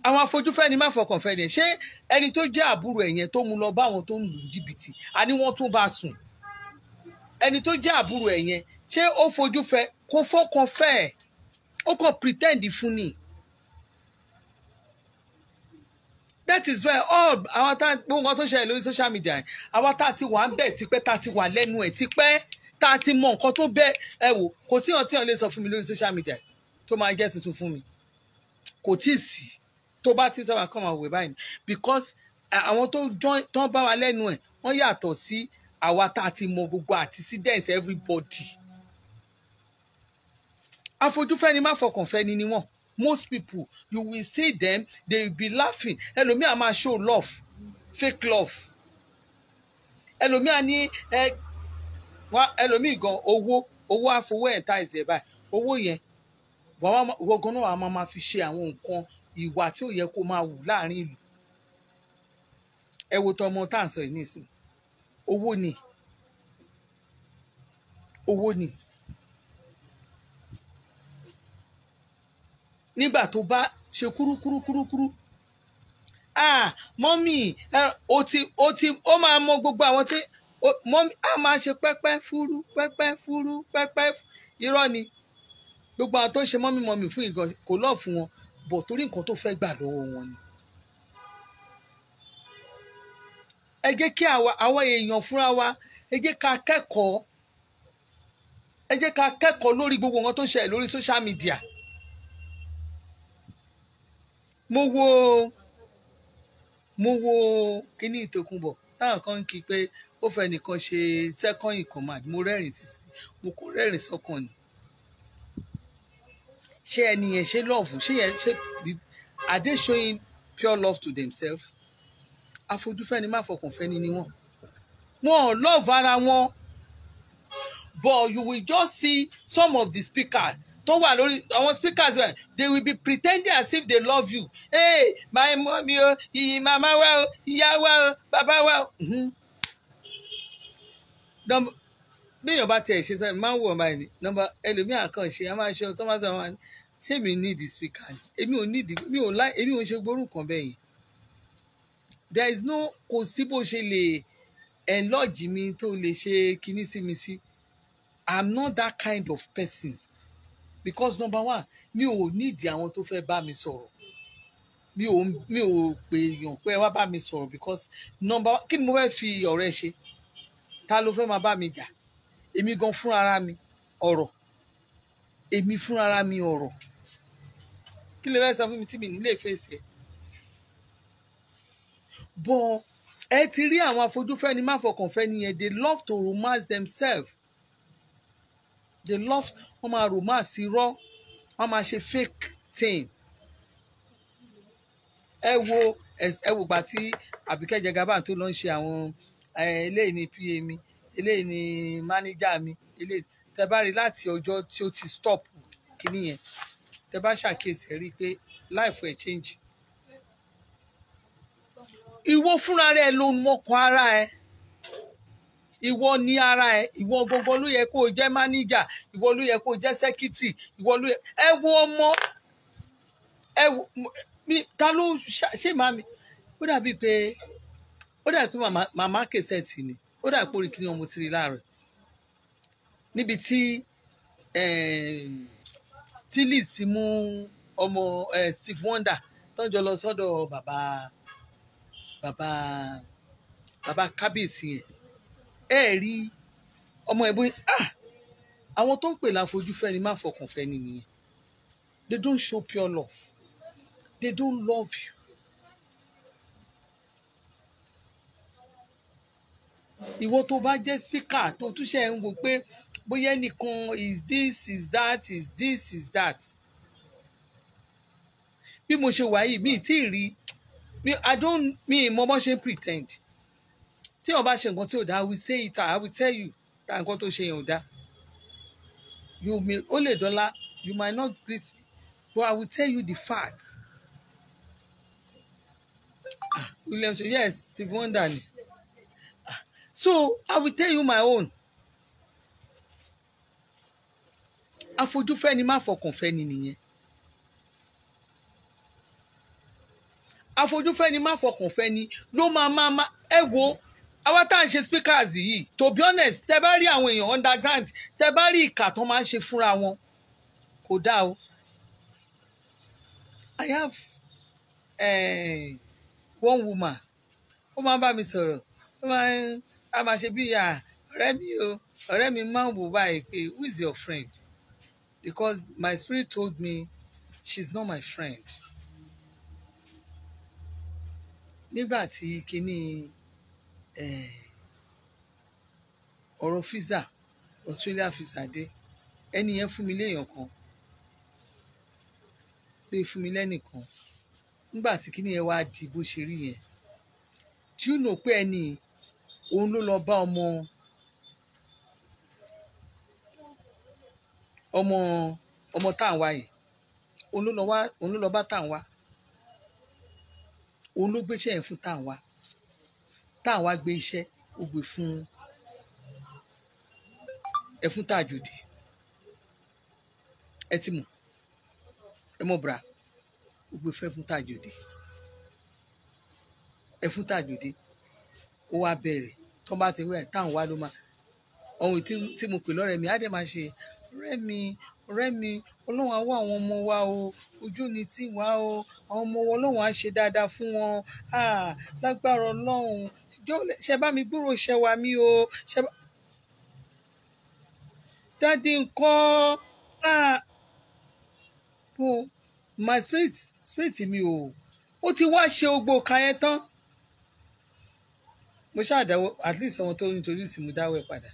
àwọn afojúfẹ́ni má fọkàn fẹ́ ni ṣé ẹni tó jẹ́ àbúrò ẹ̀ yẹn tó mú lọ bá àwọn tó ń lù jìbìtì àní wọ́n tún bá sùn ẹni tó jẹ́ àbúrò ẹ̀ yẹn ṣé ó fojú fẹ́ kó fọkàn fẹ́ ó kàn pretend fún ni. that is where all àwọn tá gbogbo nǹkan tó ṣẹlẹ̀ lórí social media yẹn àwa tá a ti wà ń bẹ̀ tipẹ́ tá a ti wà lẹ́nu ẹ̀ tipẹ́ tá a ti mọ nǹkan tó bẹ́ ẹ wò kò sí ọ̀n tí sọ fún mi lórí social media yẹn tó máa jẹ́ tuntun fún mi kò tí ì sí tó bá ti sábà kàn máa wẹ̀ báyìí because àwọn tó tán bá wa lẹ́nu ẹ̀ wọ́n yàtọ̀ sí àwa tá a ti mọ gbogbo accident everybody afojúfẹ́ni má fọkànfẹ́ni ni wọ́n most people you will see them they will be laughing ẹlòmíà máa show love fake love ẹlòmíà ní ẹ wá ẹlòmíì gan owó owó àfowó ẹ̀ ta ẹ̀sẹ̀ báyìí owó yẹn wọ́n gan náà a máa fi ṣe àwọn nǹkan ìwà tí ò yẹ kó máa wù láàrin ìlú ẹ wo tọmọ tá à ń sọ yìí nísìnyí owó ni owó ni. nígbà tó bá ṣe kúrúkúrúkúrú ah mọ́mì ó ti ó ti ó máa mọ gbogbo àwọn tí mọ́mì á máa ṣe pẹ́pẹ́ fúrú pẹ́pẹ́ fúrú pẹ́pẹ́ irọ́ ni gbogbo àwọn tó ń ṣe mọ́mì mọ́mì fún ìgbọ̀n kò lọ́ọ̀ fún wọn bọ̀ torí nǹkan tó fẹ́ gbà lọ́wọ́ wọn ni. ẹ jẹ́ kí àwọn èèyàn fúnra wa ẹ jẹ́ ká kẹ́kọ̀ọ́ ẹ jẹ́ ká kẹ́kọ̀ọ́ lórí gbogbo nǹkan tó ń ṣẹlẹ̀ lórí social media mo wo mo wo kíní ìtòkùnbọ̀ táwọn kan ń kí pé ó fẹ́ nìkan ṣe second in command mo rẹ́rìn títí mo kò rẹ́rìn sọ́kàn ni ṣé ẹni yẹn ṣe lọ́ọ̀fù ṣé yẹn ṣe are they showing pure love to themselves afojúfẹ́ni má fọkànfẹ́ni ni wọ́n wọn ò lọ́ọ̀fù ara wọn but you will just see some of the speakers tó wà lórí àwọn speakers rẹ they will be pretending as if they love you hey my mọ́mí o iyì màmá wa o ìyá wa o bàbá wa o. Mhm. bíyàn bá tiẹ̀ ṣe sẹ́yìn máa ń wọ̀ báyìí ni nọmba ẹlòmíà kan ṣe a máa ṣe ọtọ́ máa sọ wọn ṣé mi need speaker èmi ò need èmi ò láì èmi ò ṣe gbórúkọ bẹ́ẹ̀ yẹn there is no kò sí bó ṣe lè enlarge mi tó lè ṣe kinní sí mi sí i'm not that kind of person because number one mi ò nídìí àwọn tó fẹ́ bá mi sọ̀rọ̀ mi ò mi ò pè èèyàn pé ẹ wá bá mi sọ̀rọ̀ because number one kí ni mo fẹ́ fi ọ̀rẹ́ ṣe ta ló fẹ́ máa bá mi jà èmi gan fúnra ara mi ọ̀rọ̀ èmi fúnra ara mi ọ̀rọ̀ kí lè fẹ́ sọ fún mi tí mi nílé fèsì ẹ̀ bọ́ ẹ ti rí àwọn afojúfẹ́ni má fọkànfẹ́ni yẹn they love to romance themselves they love wọ́n máa romance irọ́ wọ́n máa ṣe fake thing ẹ wo ẹ wo gbà tí Àbíkẹ́ Jagaban tó lọ ń ṣe àwọn eléyìí ni pa mi eléyìí ni mánéjà mi eléyìí tẹ bá rí láti ọjọ́ tí ó ti stop kíní yẹn tẹ bá ṣàkíyèsí rí i pé life will change ìwọ fúnra rẹ ló mọkàn ara ẹ. E ìwọ ní ara ẹ ìwọ gbogbo ló yẹ kó o jẹ́ máníjà ìwọ ló yẹ kó o jẹ́ sẹ́kítì ìwọ ló yẹ ẹ wo ọmọ ẹ wo mi ta ló ṣe máa mi ó dàbí pé ó dàbí pé màmá kẹsẹ̀tì ni ó dàbí pé oríkìní ọmọ ti rí láàárọ̀ níbi tí tí Liz mú ọmọ Steve Wonder tó ń jọ lọ sọ́dọ̀ bàbá bàbá bàbá kábíyèsí yẹn ẹ rí ọmọ ẹ bóyá ah àwọn tó ń pè láfojúfẹ́ ni má fọkàn fẹ́ ni nìyẹn they don't show pure love they don't love you. ìwọ tó bá jẹ́ spíkà tó túnṣe ń wò pé bóyá ẹnìkan is this is that is this is that bí mo ṣe wà yìí mi ì tí ì rí i don't mi ì mọ bó ṣe pretend tí wọn bá ṣe nǹkan tí ò dáa I will say it I will tell you ta nǹkan tó ṣe yẹn ò dáa you may ó lè dọ́là you might not greet me but I will tell you the fact ah, William say yes Steve Wonder ni ah, so I will tell you my own afojúfẹ́ni má fọkànfẹ́ni nìyẹn afojúfẹ́ni má fọkànfẹ́ni ló máa máa ẹ wo àwa tá à ń ṣe speakers yìí to be honest tẹ bá rí àwọn èèyàn underground tẹ bá rí ìkà tó máa ń ṣe fúnra wọn kò dáa o I have uh, one woman ó máa ń bá mi sọ̀rọ̀ ó máa ń a máa ṣe bí ìyá ọ̀rẹ́ mi o ọ̀rẹ́ mi máa ń wò báyìí pé who is your friend because my spirit told me she is not my friend nígbà tí kinní. Eh, ọ̀rọ̀ fisa Australia físà dé ẹni yẹn fún mi léèyàn kan pé fún mi lẹ́nìkan nígbà tí kíní yẹn wá di bó ṣe rí yẹn do you know pé ẹni òun ló lọ bá ọmọ ọmọ ọmọ táǹwá yìí òun ló lọ bá táǹwá òun ló gbéṣẹ́ yẹn fún táǹwá táwọn wá gbé iṣẹ́ ó gbé fún ẹ fún tàjòdì ẹ ti mọ̀ ẹ mọ̀ bra ó gbé fẹ́ fún tàjòdì ẹ fún tàjòdì ó wá bẹ̀rẹ̀ tó bá ti wẹ̀ táwọn ló máa ohun tí mo pè lọ́rẹ̀ mi á dẹ̀ máa ṣe ọ̀rẹ́ mi ọ̀rẹ́ mi ọlọ́run á wá àwọn ọmọ wa o ojú ni tì wá o àwọn ọmọ wa ọlọ́run á ṣe dáadáa fún wọn lágbára ọlọ́run ṣe bá mi gbúrò ṣe wà mí o ṣe bá dádì ńkọ́ o my spirit spirit mi o ó ti wá ṣe ogbó kan yẹn tán mo ṣáà dáwọ́ at least àwọn tó ń introduce mo dáwọ́ ẹ̀ padà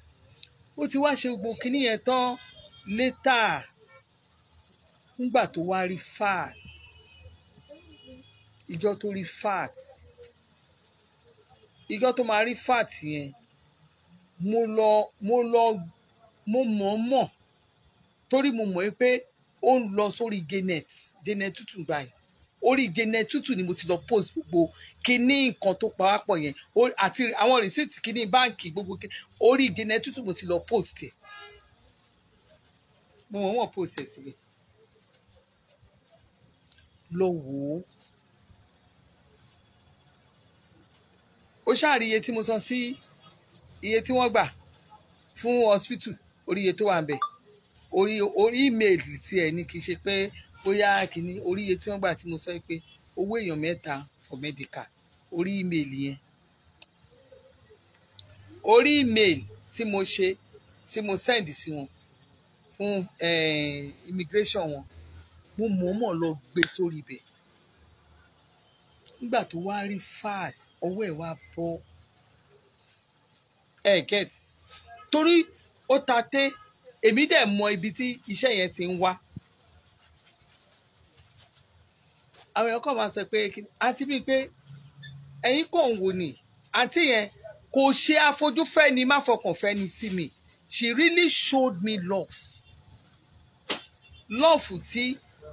ó ti wá ṣe gbogbo kinní yẹn tán létà nígbà tó wá rí fat ìjọ tó rí fat ìjọ tó máa rí fat yẹn mo lọ mo lọ mo mọ̀ ọ́n mọ̀ torí mo mọ̀ pé ó ń lọ sórí genet genet tútù gbà yìí orí genet tútù ni mo ti lọ post gbogbo kíní nǹkan tó pawápọ̀ yẹn àti àwọn rìsíìtì kíní báǹkì gbogbo orí genet tútù mo ti lọ post ẹ̀ mo mọ̀ wọ́n post ẹ̀ síbẹ̀ lọ wò ó ó ṣáàrí iye tí mo san sí iye tí wọ́n gbà fún hospital orí iye tó wà ń bẹ̀ orí orí email tiẹ̀ ni kì í ṣe pé bóyá kìíní orí iye tí wọ́n gbà tí mo sọ pé owó èèyàn mẹ́ta for medical orí email yẹn orí email tí mo ṣe tí mo send sí wọn fún eh, immigration wọn mo mọ̀ọ́mọ̀ lọ gbé sórí ibẹ̀ nígbà tó wá rí fat ọwọ́ ẹ̀ wá bọ́ ẹ̀ get torí ó ta té èmi dẹ̀ mọ ibi tí iṣẹ́ yẹn ti ń wá. àwọn èèyàn kàn máa sọ pé àti bíi pé ẹ̀yin kò ń wò ní àǹtí yẹn kò ṣe àfojúfẹ́ni má fọkànfẹ́ni sí mi she really showed me love lọ́ọ̀fù tí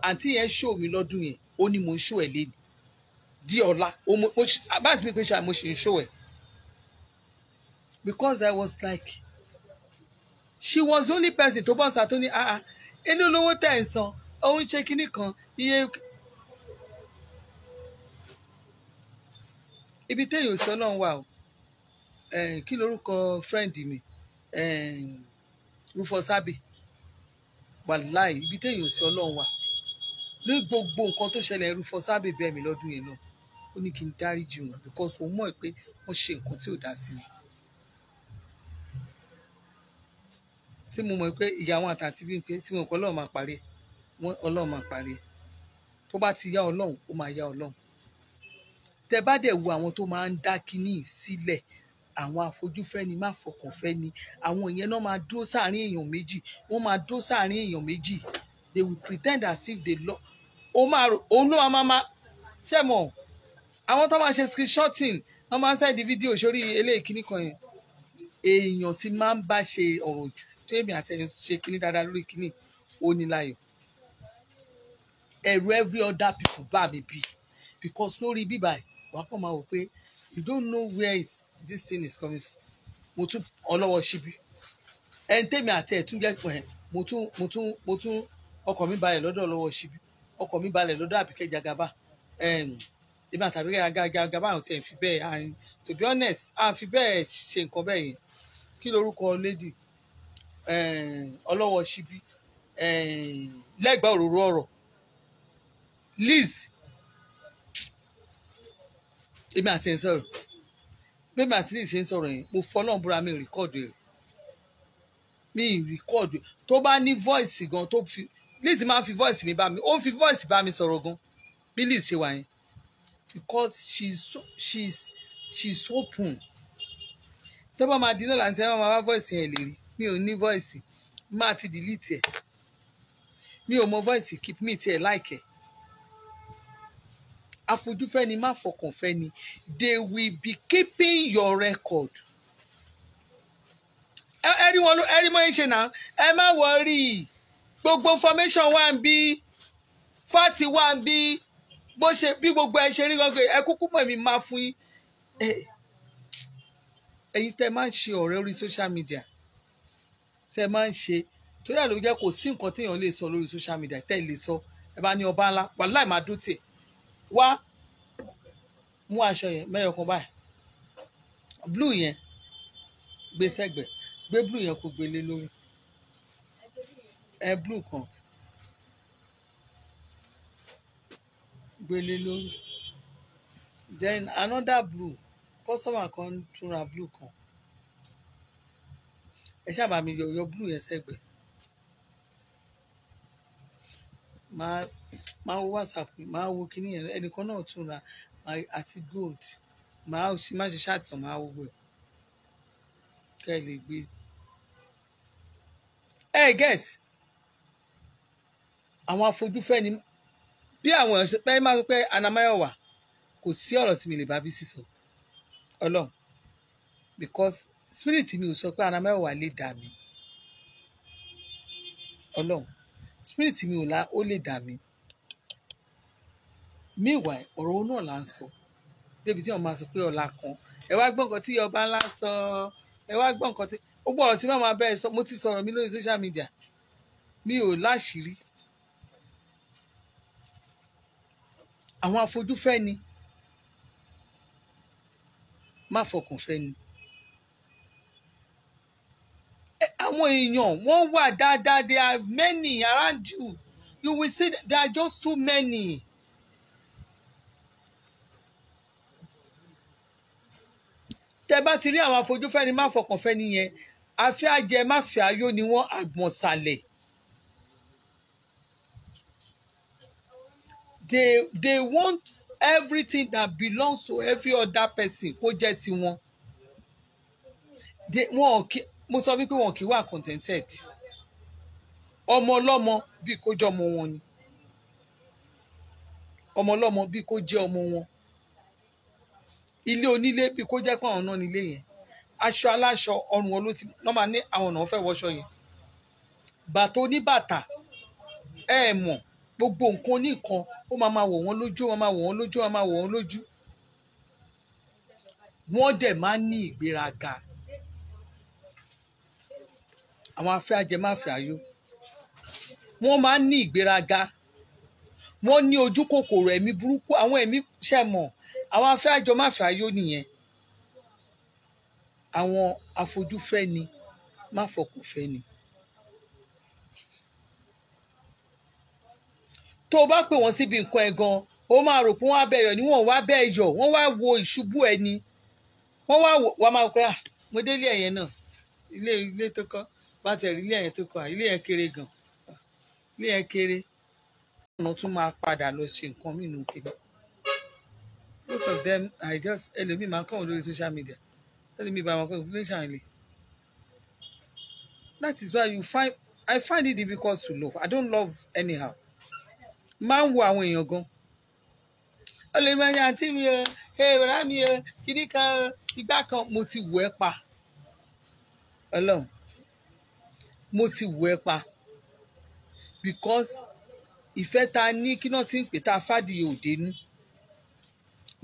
àǹtí yẹn ṣó mi lọ́dún yẹn ó ní mo ń ṣó ẹ̀ léni di ọ̀la bá àti mi pé ṣáà mo ṣì ń ṣó ẹ̀ because I was like she was the only person tó bọ́ sàtó ní ah ah inú olówó tẹ̀ ń san òun ṣe kinní kan iye ibi téèyàn sọ náà wà o eh, kí lorúkọ friend mi eh, Rufus Abbey wàláì ibi téèyàn sí ọlọ́run wà ní gbogbo nǹkan tó ṣẹlẹ̀ irú fọ sábẹ́ bẹ́ẹ̀ mi lọ́dún yẹn náà ó ní kí n dáríjì wọn because òun mọ̀ pé wọ́n ṣe nǹkan tí ò dá sí mi. tí mo mọ̀ pé ìyá àwọn àtàtì bí n pé tí mo kọ́ ọlọ́run máa parí wọn ọlọ́run máa parí tó bá ti yá ọlọ́run ó máa yá ọlọ́run. tẹ bá dẹ̀ wo àwọn tó máa ń dá kinní sílẹ̀ àwọn àfojúfẹ́ni má fọkànfẹ́ni àwọn ìyẹn náà máa dúró sáàárín èèyàn méjì wọ́n máa dúró sáàárín èèyàn méjì they will pretend as if they love Omar, máa òun ló máa máa ṣe mọ̀ àwọn tó máa ṣe screenshotting wọ́n máa ń sẹ́ẹ̀dì fídíò sórí eléyìí kíní kan yẹn èèyàn ti máa ń bá ṣe ọ̀rọ̀ jù tó èmi àti ẹni ṣe kíní dáadáa lórí kíní onílayọ̀ ẹ̀rù every other people bá mi bí because lórí bíbá wàá pọ̀ máa wò pé you don't know where it's this thing is coming mo tún ọlọ́wọ́ ṣíbí ẹni tèmi àti ẹ̀ tún jẹ́ pọ̀ ẹ̀ mo tún mo tún mo tún ọkọ̀ mi balẹ̀ lọ́dọ̀ ọlọ́wọ́ ṣíbí ọkọ̀ mi balẹ̀ lọ́dọ̀ àbíkẹ́ jagaba èmi àtàbí jagaba àwọn tí ẹ̀ fi bẹ́ẹ̀ and to be honest a fi bẹ́ẹ̀ ṣe nǹkan bẹ́ẹ̀ yẹn kí lorúkọ lady ọlọ́wọ́ ṣíbí lẹ́gbàá òróró ọ̀rọ̀ Liz èmi àti ẹ̀ sọ̀rọ̀ bébà àti ní ìṣe ń sọ̀rọ̀ yẹn mo fọlọ́n búra mi rìkọ́ọ̀dù ẹ̀ mi rìkọ́ọ̀dù tó bá ní voice gan tó fi Liz máa fi voice mi bá mi ó fi voice bá mi sọ̀rọ̀ gan bí Liz ṣe wà because she's so, she's she's open tó bá máa di náà láti ẹ̀ máa wá voice yẹn lè rí mi ò ní voice máa ti delete ẹ̀ mi ò mọ voice keep me tiẹ̀ like ẹ̀ afojúfẹ́ni má fọkànfẹ́ni they will be keeping your record ẹrí wọn ẹrí mọ́ ẹ ṣe náà ẹ má wọrí gbogbo formation wà ń bí fati wà ń bí bó ṣe bí gbogbo ẹ ṣe rí gbogbo ẹ kúkú mọ̀ mi máa fún yín ẹ̀yin tẹ́ máa ń ṣe ọ̀rẹ́ orí social media tẹ́ máa ń ṣe torí àlọ́ jẹ́ kò sí nǹkan téèyàn lè sọ lórí social media tẹ́ lè sọ ẹ bá ní ọba ńlá wàláì máa dún wá mú aṣọ yẹn mẹ́yọ̀ kan báyìí blue yẹn gbé sẹ́gbẹ̀ gbé blue yẹn kó gbélé lórí ẹ blue kan gbélé lórí then another blue customer kan túnra blue kan ẹ ṣáà bá mi yọ yọ blue yẹn sẹ́gbẹ̀ máa máa wo whatsapp mi máa wo kíní yẹn ẹnìkan náà tún ra àti gold máa má ṣe ṣàtàn máa wo ẹ kẹ lè gbé ẹ gẹt àwọn afojúfẹ́ ni bí àwọn èèyàn ṣe pé máa sọ pé anamáyọ̀wà kò sí ọ̀rọ̀ tí mi lè bá bí sísọ ọlọ́run because spirit mi ò sọ pé anamáyọ̀wà lè dà mí ọlọ́run spirit mi ò la ó lè dà mí meanwhile ọ̀rọ̀ òun náà là ń sọ débi tí wọ́n máa sọ pé ọ̀la kan ẹ wá gbọ́ nǹkan tí ọba ńlá sọ ẹ wá gbọ́ nǹkan tí ó gbọ́ ọ̀rọ̀ tí màmá bẹ́ẹ̀ sọ mo ti sọ̀rọ̀ mi lórí social media mi ò láṣìírí àwọn afojúfẹ́ ni má fọkànfẹ́ ni àwọn èèyàn wọ́n wà dáadáa there are many around you you will see there are just too many. tẹ́ bá ti rí àwọn afojúfẹ́ni má fọkànfẹ́ni yẹn afẹ́ àjẹ máfẹ́ ayó ni wọ́n àgbọ̀nsálẹ̀. They they want everything that belongs to every other person kó jẹ́ tiwọn. Wọ́n kì mo sọ wípé wọn kì í wà contented. Ọmọ ọlọ́mọ bíi kó jẹ́ ọmọ wọn ni. Ọmọ ọlọ́mọ bíi kó jẹ́ ọmọ wọn ilé onílé bí kó jẹ́ pé àwọn náà nílé yẹn aṣọ aláṣọ ọrùn wọn ló ti lọ́ máa ní àwọn náà fẹ́ wọṣọ yẹn bàtà oníbàtà ẹ mọ̀ gbogbo nǹkan oníkan ó máa máa wọ̀ wọ́n lójú ó máa máa wọ̀ wọ́n lójú ó máa máa wọ̀ wọ́n lójú wọ́n dẹ̀ máa ń ní ìgbéraga àwọn afẹ́ ajẹmáfẹ́ ayó wọ́n máa ń ní ìgbéraga wọ́n ní ojú kòkòrò ẹ̀mí burúkú àwọn ẹ̀mí ṣẹ̀mọ̀ àwọn afẹ́ àjọ máfẹ́ ayó nìyẹn àwọn afojúfẹ́ ni máfọkùnfẹ́ ni. tó o bá pè wọ́n síbi nǹkan ẹ̀ gan o máa rò pé wọ́n á bẹ̀ yọ̀ ni wọ́n wá bẹ̀ yọ̀ wọ́n wá wo ìṣubú ẹ ni wọ́n wá wà máa pẹ́ à ah, mo délé ẹ̀yẹn náà ilé ilé tó kọ́ bá tẹ̀ rí ilé ẹ̀yẹn tó kọ́ ilé yẹn kéré gan ilé yẹn kéré ọ̀nà tún máa padà lọ ṣe nǹkan mìíràn kéré most of them i just ẹlòmíì máa ń on wọ́n social media Tell me wọn my information le that is why you find i find it difficult to love i don't love anyhow máa ń wo àwọn èèyàn gan ọlọ́run máa ń yan àǹtí mi o ẹ̀rọ mi o kìíní kan ìgbà kan mo ti wù ẹ́ pa ọlọ́run mo ti wù ẹ́ pa because ìfẹ́ ta ní kí náà ti ń pè tá a òde nú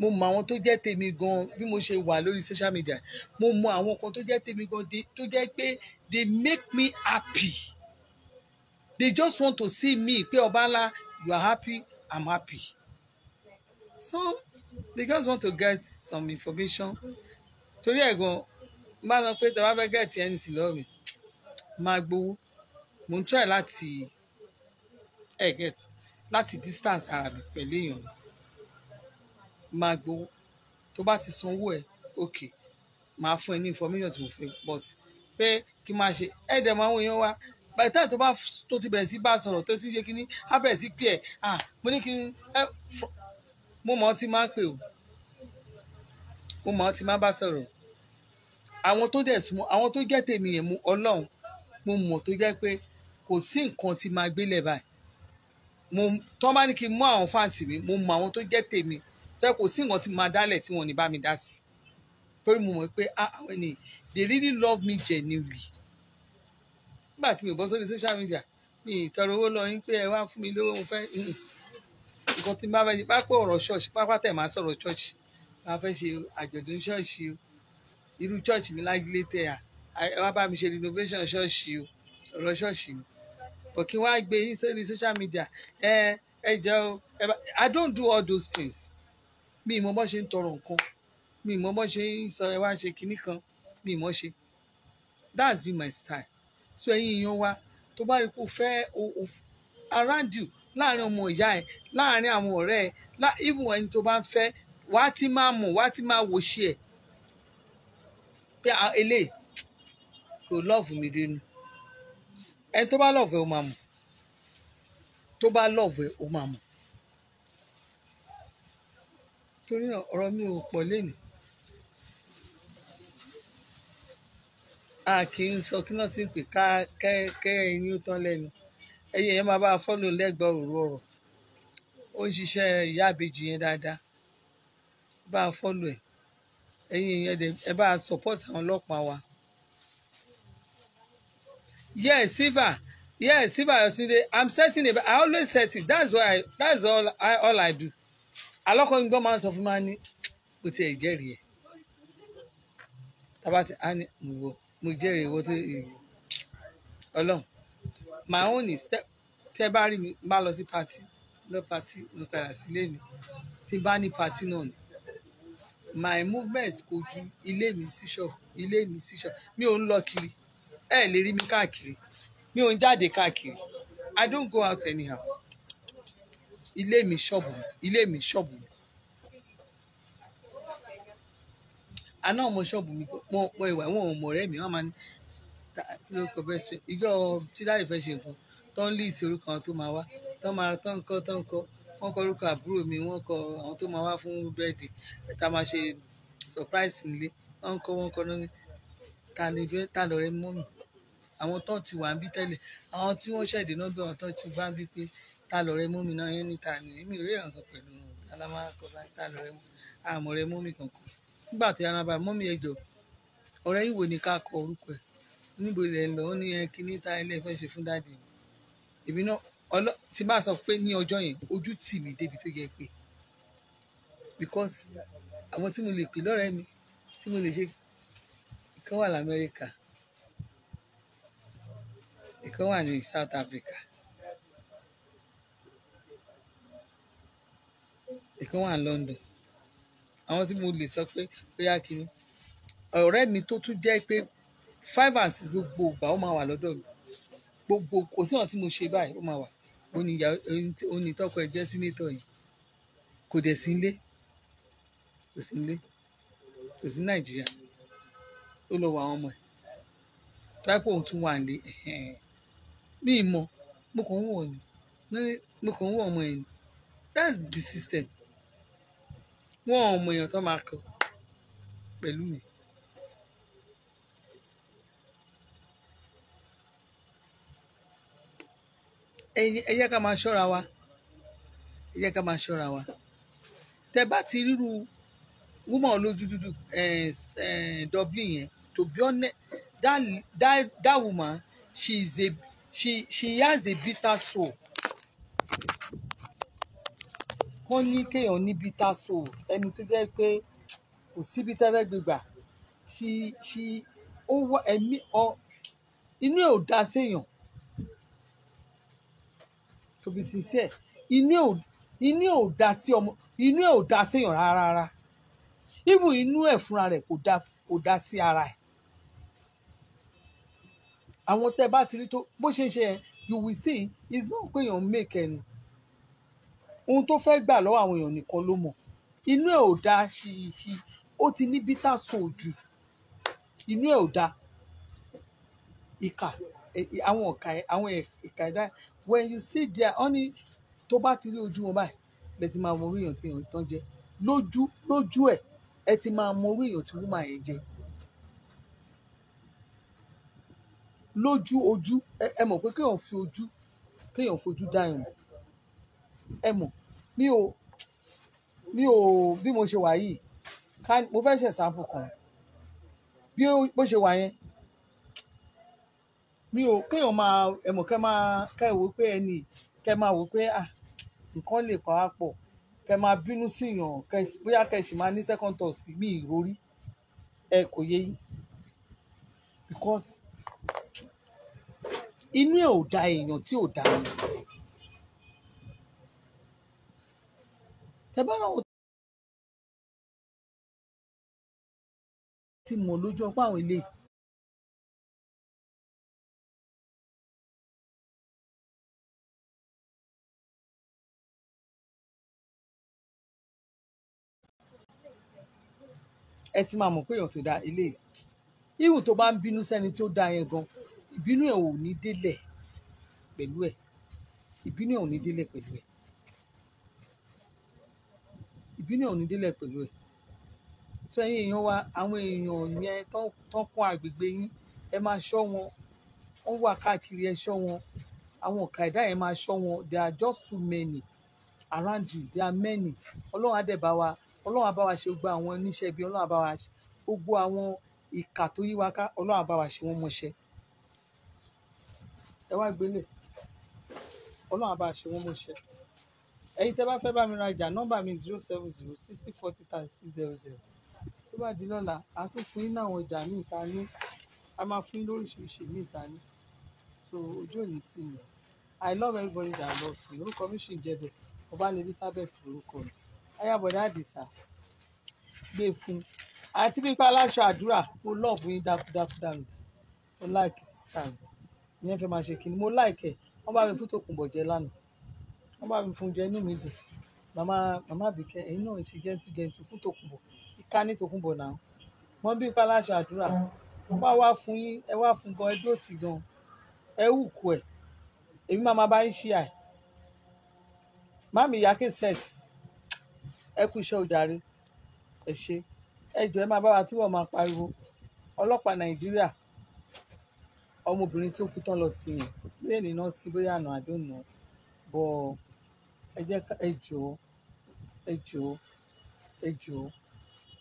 mo mọ àwọn tó jẹ́ tèmi gan bí mo ṣe wà lórí social media mo mọ àwọn kan tó jẹ́ tèmi gan tó jẹ́ pé they make me happy they just want to see me pé ọba ńlá you are happy i'm happy so they just want to get some information torí ẹ̀ gan bá sọ pé tọ́wọ́ fẹ́ gẹ̀ẹ́tì ẹni sì lọ́ọ̀mì máa gbowó mo ń try láti ẹ̀ eh, gẹ̀ẹ́tì láti distance ara mi pẹ̀lú èèyàn mi máa gbowó tó bá ti sanwó ẹ̀ òkè máa fún ẹ ní information tí mo fẹ́ but pé kí n máa ṣe ẹ dẹ̀ máa ń wọ̀nyẹn wá by the time tó bá tó ti bẹ̀rẹ̀ sí bá a sọ̀rọ̀ tó ti ṣe kínní á bẹ̀rẹ̀ sí pé ẹ̀ ah mo ní kí n ẹ mo mọ̀ ọ́ ti máa pè o mo mọ̀ ọ́ ti máa bá sọ̀rọ̀ àwọn tó dẹ̀ súnmọ́ àwọn tó jẹ́ tèmi yẹn mu ọlọ́run mo mọ̀ tó jẹ́ pé kò sí nǹkan tí máa gbélé báyìí mo tọ́ bá ní kí n mú àwọn fáǹsì mi mo mọ̀ àwọn tó jẹ́ tèmi tó yẹ kò sí nǹkan tí mo máa dálẹ̀ tí wọn ò ní bá mi dá sí torí mo mọ̀ pé ah, àwọn ènìyàn they really love me genuinely nígbà tí mi ò bọ́ sórí social media mi ì tọrọ owó lọ yín pé ẹ wá fún mi lówó mo fẹ́ hmm, nǹkan tí n bá fẹ́ ṣe pápá ọ̀rọ̀ ṣọ́ọ̀ṣì pápá tẹ̀ máa sọ̀rọ̀ ṣọ́ọ̀ṣì máa fẹ́ ṣe àjọ̀dún ṣọ́ọ̀ṣì o irú ṣọ́ọ̀ṣì mi lágilé tẹ̀ à ẹ wá bá mi ṣe renovation ṣọ́ọ̀ṣì o ọ̀rọ̀ ṣọ́ọ̀ṣì mi but kí n wá gbé yín sórí social media ẹ ẹ jẹ́ o I don't do all those things mi mọ bó ṣe ń tọrọ nǹkan mi mọ bó ṣe ń sọ ẹ wá ṣe kinní kan mi mọ ṣe that's been my style so ẹ̀yin èèyàn wa tó bá rí kó fẹ́ around you láàrin ọmọ ìyá ẹ láàrin àwọn ọ̀rẹ́ ẹ even ẹni tó bá ń fẹ́ wá ti máa mọ̀ wá ti máa wò ṣe ẹ̀ pé ah, eléyìí kò lọ́ọ̀fù mi dénú ẹni tó bá lọ́ọ̀fù ẹ ó máa mọ̀ tó bá lọ́ọ̀fù ẹ ó máa mọ̀ torí ọ̀rọ̀ mi ò pọ̀ lénìí. a kì í sọ kí náà ti pè ká kẹ́ ẹyin tán lẹ́nu ẹyin yẹn máa bá a fọ́lò lẹ́gbọ̀ọ́ òru ọ̀rọ̀ ó ń ṣiṣẹ́ ìyá àbejì yẹn dáadáa bá a fọ́lò ẹ̀ ẹyin yẹn ẹ bá a support àwọn ọlọ́pàá wa. yes siva yes siva Yetunde i'm setting a i always set it that's why i that's all i all i do alọ́kọ̀ọ́yìn gbọ́n máa ń sọ fún máa ní o ti ẹ̀ jẹ́rìí ẹ̀ tábà ti á ní mo jẹ́rìí ìwọ tó ìwọ ọlọ́run my own is tẹ́ bá rí mi bá lọ sí pati lọ pati lọ padà sílé mi tí bá ní pati náà ni my movement kò ju ilé mi sí ṣọ́ọ̀bù ilé mi sí ṣọ́ọ̀bù mi ò ń lọ kiri ẹ lè rí mi káàkiri mi ò ń jáde káàkiri i don't go out anyhow ilé mi ṣọ́ọ̀bù ilé mi ṣọ́ọ̀bù àná ọmọ ṣọ́ọ̀bù mi mọ mọ ìwà ìwọ̀n ọmọ ọ̀rẹ́ mi wọ́n máa ń ta lórúkọ bẹ́ẹ̀ sọ ìjọ tí láì fẹ́ ṣe nǹkan tó ń lé ìsì orúkọ àwọn tó máa wá tó máa tó ń kọ́ tó ń kọ́ wọ́n kọ orúkọ àbúrò mi wọ́n kọ àwọn tó máa wá fún bẹ́ẹ̀dì tá máa ṣe surprise nílé wọ́n kọ́ wọ́n kọ́ lórí ta ni fẹ́ ta lọ́rẹ́ mọ́mì àwọn tó ti wà ń bí tẹ́lẹ̀ àwọn tí wọ́n ṣẹ̀dẹ̀ náà tó ti gbá ń bí pé ta lọ̀rẹ́ mú mi náà yẹn níta ni èmi rí ẹ̀ràn kan pẹ̀lú wọn alámà kọba ta lọ̀rẹ́ mú àmọ̀ rẹ mú mi kankan nígbà tí ara bá mú mi ẹjọ́ ọ̀rẹ́ ìwò ni ká kọ orúkọ ẹ̀ níbo ilẹ̀ lọ ó ní ẹ kíní ta ilé fẹ́ ṣe fún dáàdì mi èmi náà ọlọ tí bá sọ pé ní ọjọ́ yẹn ojú tì mí débi tó yẹ pé because àwọn tí mo lè pè lọ́rẹ́ mi tí mo lè ṣe ìkan wà lamẹ́ríkà ìkan wà ní South Africa ìkan wà ní London àwọn tí mo lè sọ pé bóyá kínní ọ̀rẹ́ mi tó tún jẹ́ pé five and six gbogbo ìgbà ó máa wà lọ́dọ̀ mi gbogbo kò sí ọ̀n tí mo ṣe báyìí ó máa wà ó ní tọ́kọ ẹ̀ jẹ́ sínétọ̀ yìí kò dẹ̀ sí ilé kò sí ilé kò sí Nàìjíríà ó lọ wọ àwọn ọmọ ẹ̀ tọ́pọ̀ òun tún wà ní bí ìmọ̀ mo kàn ń wọ̀ ni mo kàn ń wọ̀ ọmọ ẹ̀ ni that's the system wọn ò mọ èèyàn tó máa kọ pẹ̀lú mi. ẹ yẹ ká máa ṣọ́ra wa ẹ yẹ ká máa ṣọ́ra wa tẹ bá ti ríru woman olójú dúdú Dublin yẹn to be honest that that that woman she is a she she has a bitter soul wọ́n ní kéèyàn ní bitter soul ẹni tó jẹ́ pé kò síbi tẹ́fẹ́ gbégbà ṣí ṣí ó wọ ẹ̀mí ọ inú ẹ̀ ò da séèyàn to be ẹ̀ inú ẹ̀ ò da sí ọmọ inú ẹ̀ ò da séèyàn rárá ibù inú ẹ̀ fúnra rẹ̀ kò da kò da sí ara ẹ̀ àwọn tẹ́ bá ti rí tó bó ṣe ń ṣe yẹn you will see it's not pé èèyàn make ẹni ohun tó fẹ́ gbà lọ́wọ́ àwọn èèyàn nìkan ló mọ̀ inú ẹ̀ ò dáa ṣìṣì ó ti ní bítà sóòjù inú ẹ̀ ò dáa ìkà àwọn ọ̀ka àwọn ìkà ẹ̀dá when you see there honey tó bá ti rí ojú wọn báyìí lẹ ti máa mọ orí èèyàn tí èèyàn tán jẹ lójú lójú ẹ ẹ ti máa mọ orí èèyàn tí wúmà yẹn jẹ lójú ojú ẹ mọ̀ pé kéèyàn fi ojú kéèyàn fojú dá èèyàn mọ̀ ẹ mọ̀ mi ò mi ò bí mo ṣe wà yìí ká mo fẹ́ ṣe ṣàǹfù kan bí ó ṣe wà yẹn mi ò kéèyàn máa ẹ mọ̀ kẹ́ máa kẹ́ ẹ̀ wò pé ẹnì kẹ́ máa wò pé ah nǹkan lè pa á pọ̀ kẹ́ máa bínú sí yàn kẹ́ bóyá kẹ́ sì máa ní second thought sí mi ìrorí ẹ kò yé yín because inú ẹ ò da èèyàn tí ò da ni. Tẹ́ bá ráwọn tí mọ̀ lójú ọpọ́ àwọn eléyìí. ẹ ti máa mọ̀ pé èèyàn tó dáa ilé ihò tó bá ń bínú sẹ́ni tó dáa yẹn gan ìbínú ẹ̀ ò ní délẹ̀ pẹ̀lú ẹ̀ ìbínú ẹ̀ ò ní délẹ̀ pẹ̀lú ẹ̀ ìbínú ò ní délẹ̀ pẹ̀lú ẹ̀ sọ ẹ̀yin èèyàn wa àwọn èèyàn yẹn tán kún agbègbè yín ẹ máa ṣọ́ wọn wọ́n wà káàkiri ẹ ṣọ́ wọn àwọn ọ̀ka ẹ̀dá yẹn máa ṣọ́ wọn there are just too many around you there are many ọlọ́run àdẹ̀bá wa ọlọ́run àbá wa ṣe gbogbo àwọn oníṣẹ́ ibi ọlọ́run àbá wa ṣe gbogbo àwọn ìkà tó yí wa ká ọlọ́run àbá wa ṣe wọ́n mọṣẹ́ ẹ wá gbélé ọlọ́run àbá wa ṣe wọ́n mọṣẹ́ ẹ̀yin tẹ́ bá fẹ́ bá mi rajà nọ́mbà mi zero seven zero sixty forty thirty six zero zero tó bá di lọ́la a tún fún yín náwọn ọjà ní ìta ní a máa fún yín lóríṣiríṣi ní ìta ní so ojú òní ti yàn i love everybody that loves me orúkọ mi ṣì ń jẹbẹ ọba elizabeth orúkọ mi ayábọ̀dá àdìsá gbé e fún àti pípa aláṣọ àdúrà mo lọ́ọ̀bù yín dákúdákúdàmì mo láìkì sísá mi ìyẹn fẹ́ máa ṣe kí ni mo láìkẹ̀ wọ́n bá mi fún tòkùnbọ̀jẹ́ lánàá. wọ́n bá mi fún jẹ inú mi dùn màmá màmá àbíkẹ́ ẹ̀yin náà fún tòkùnbọ̀ ìka ní tòkùnbọ̀ náà wọ́n bí wá fún yín ẹ wá fún gan ẹ dúró gan ẹ wù kú ẹ èmi máa ma bá yín ṣí àì mami yake set ẹ kú iṣẹ́ ẹ ṣe ẹ jọ wọ́n máa pariwo ọlọ́pàá nàìjíríà ọmọbìnrin kú tán lọ sí yẹn sí bóyá àná bọ̀ ẹ jẹ́ ká ẹ jọ̀ọ́ ẹ jọ̀ọ́ ẹ jọ̀ọ́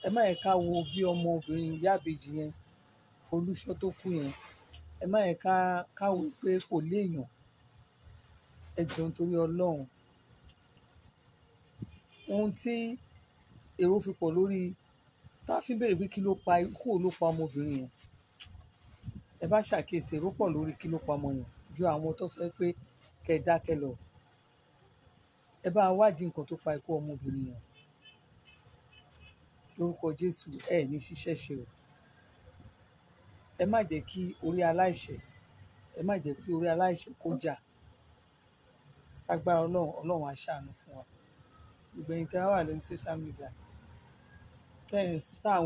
ẹ má yẹ ká wo bí ọmọbìnrin yábejì yẹn olùṣọ́ tó kú yẹn ẹ má yẹ ká káwé pé kò léèyàn ẹ jọ̀ọ́ nítorí ọlọ́run ohun tí èrò fi pọ̀ lórí tá a fi béèrè pé kí ló pa ikú ló pa ọmọbìnrin yẹn ẹ bá ṣàkíyèsí èrò pọ̀ lórí kí ló pa ọmọ yẹn ju àwọn tó sọ pé kẹdákẹlọ ẹ bá wádìí nǹkan tó pa ikú ọmọbìnrin yẹn lórúkọ jésù ẹ ní ṣiṣẹ́ ṣe o ẹ má jẹ́ kí orí aláìṣẹ̀ ẹ má jẹ́ kí orí aláìṣẹ̀ kó jà agbára ọlọ́run ọlọ́run á fún wa ìgbẹ̀yìn tí a wà lórí social media tẹ́ sáà.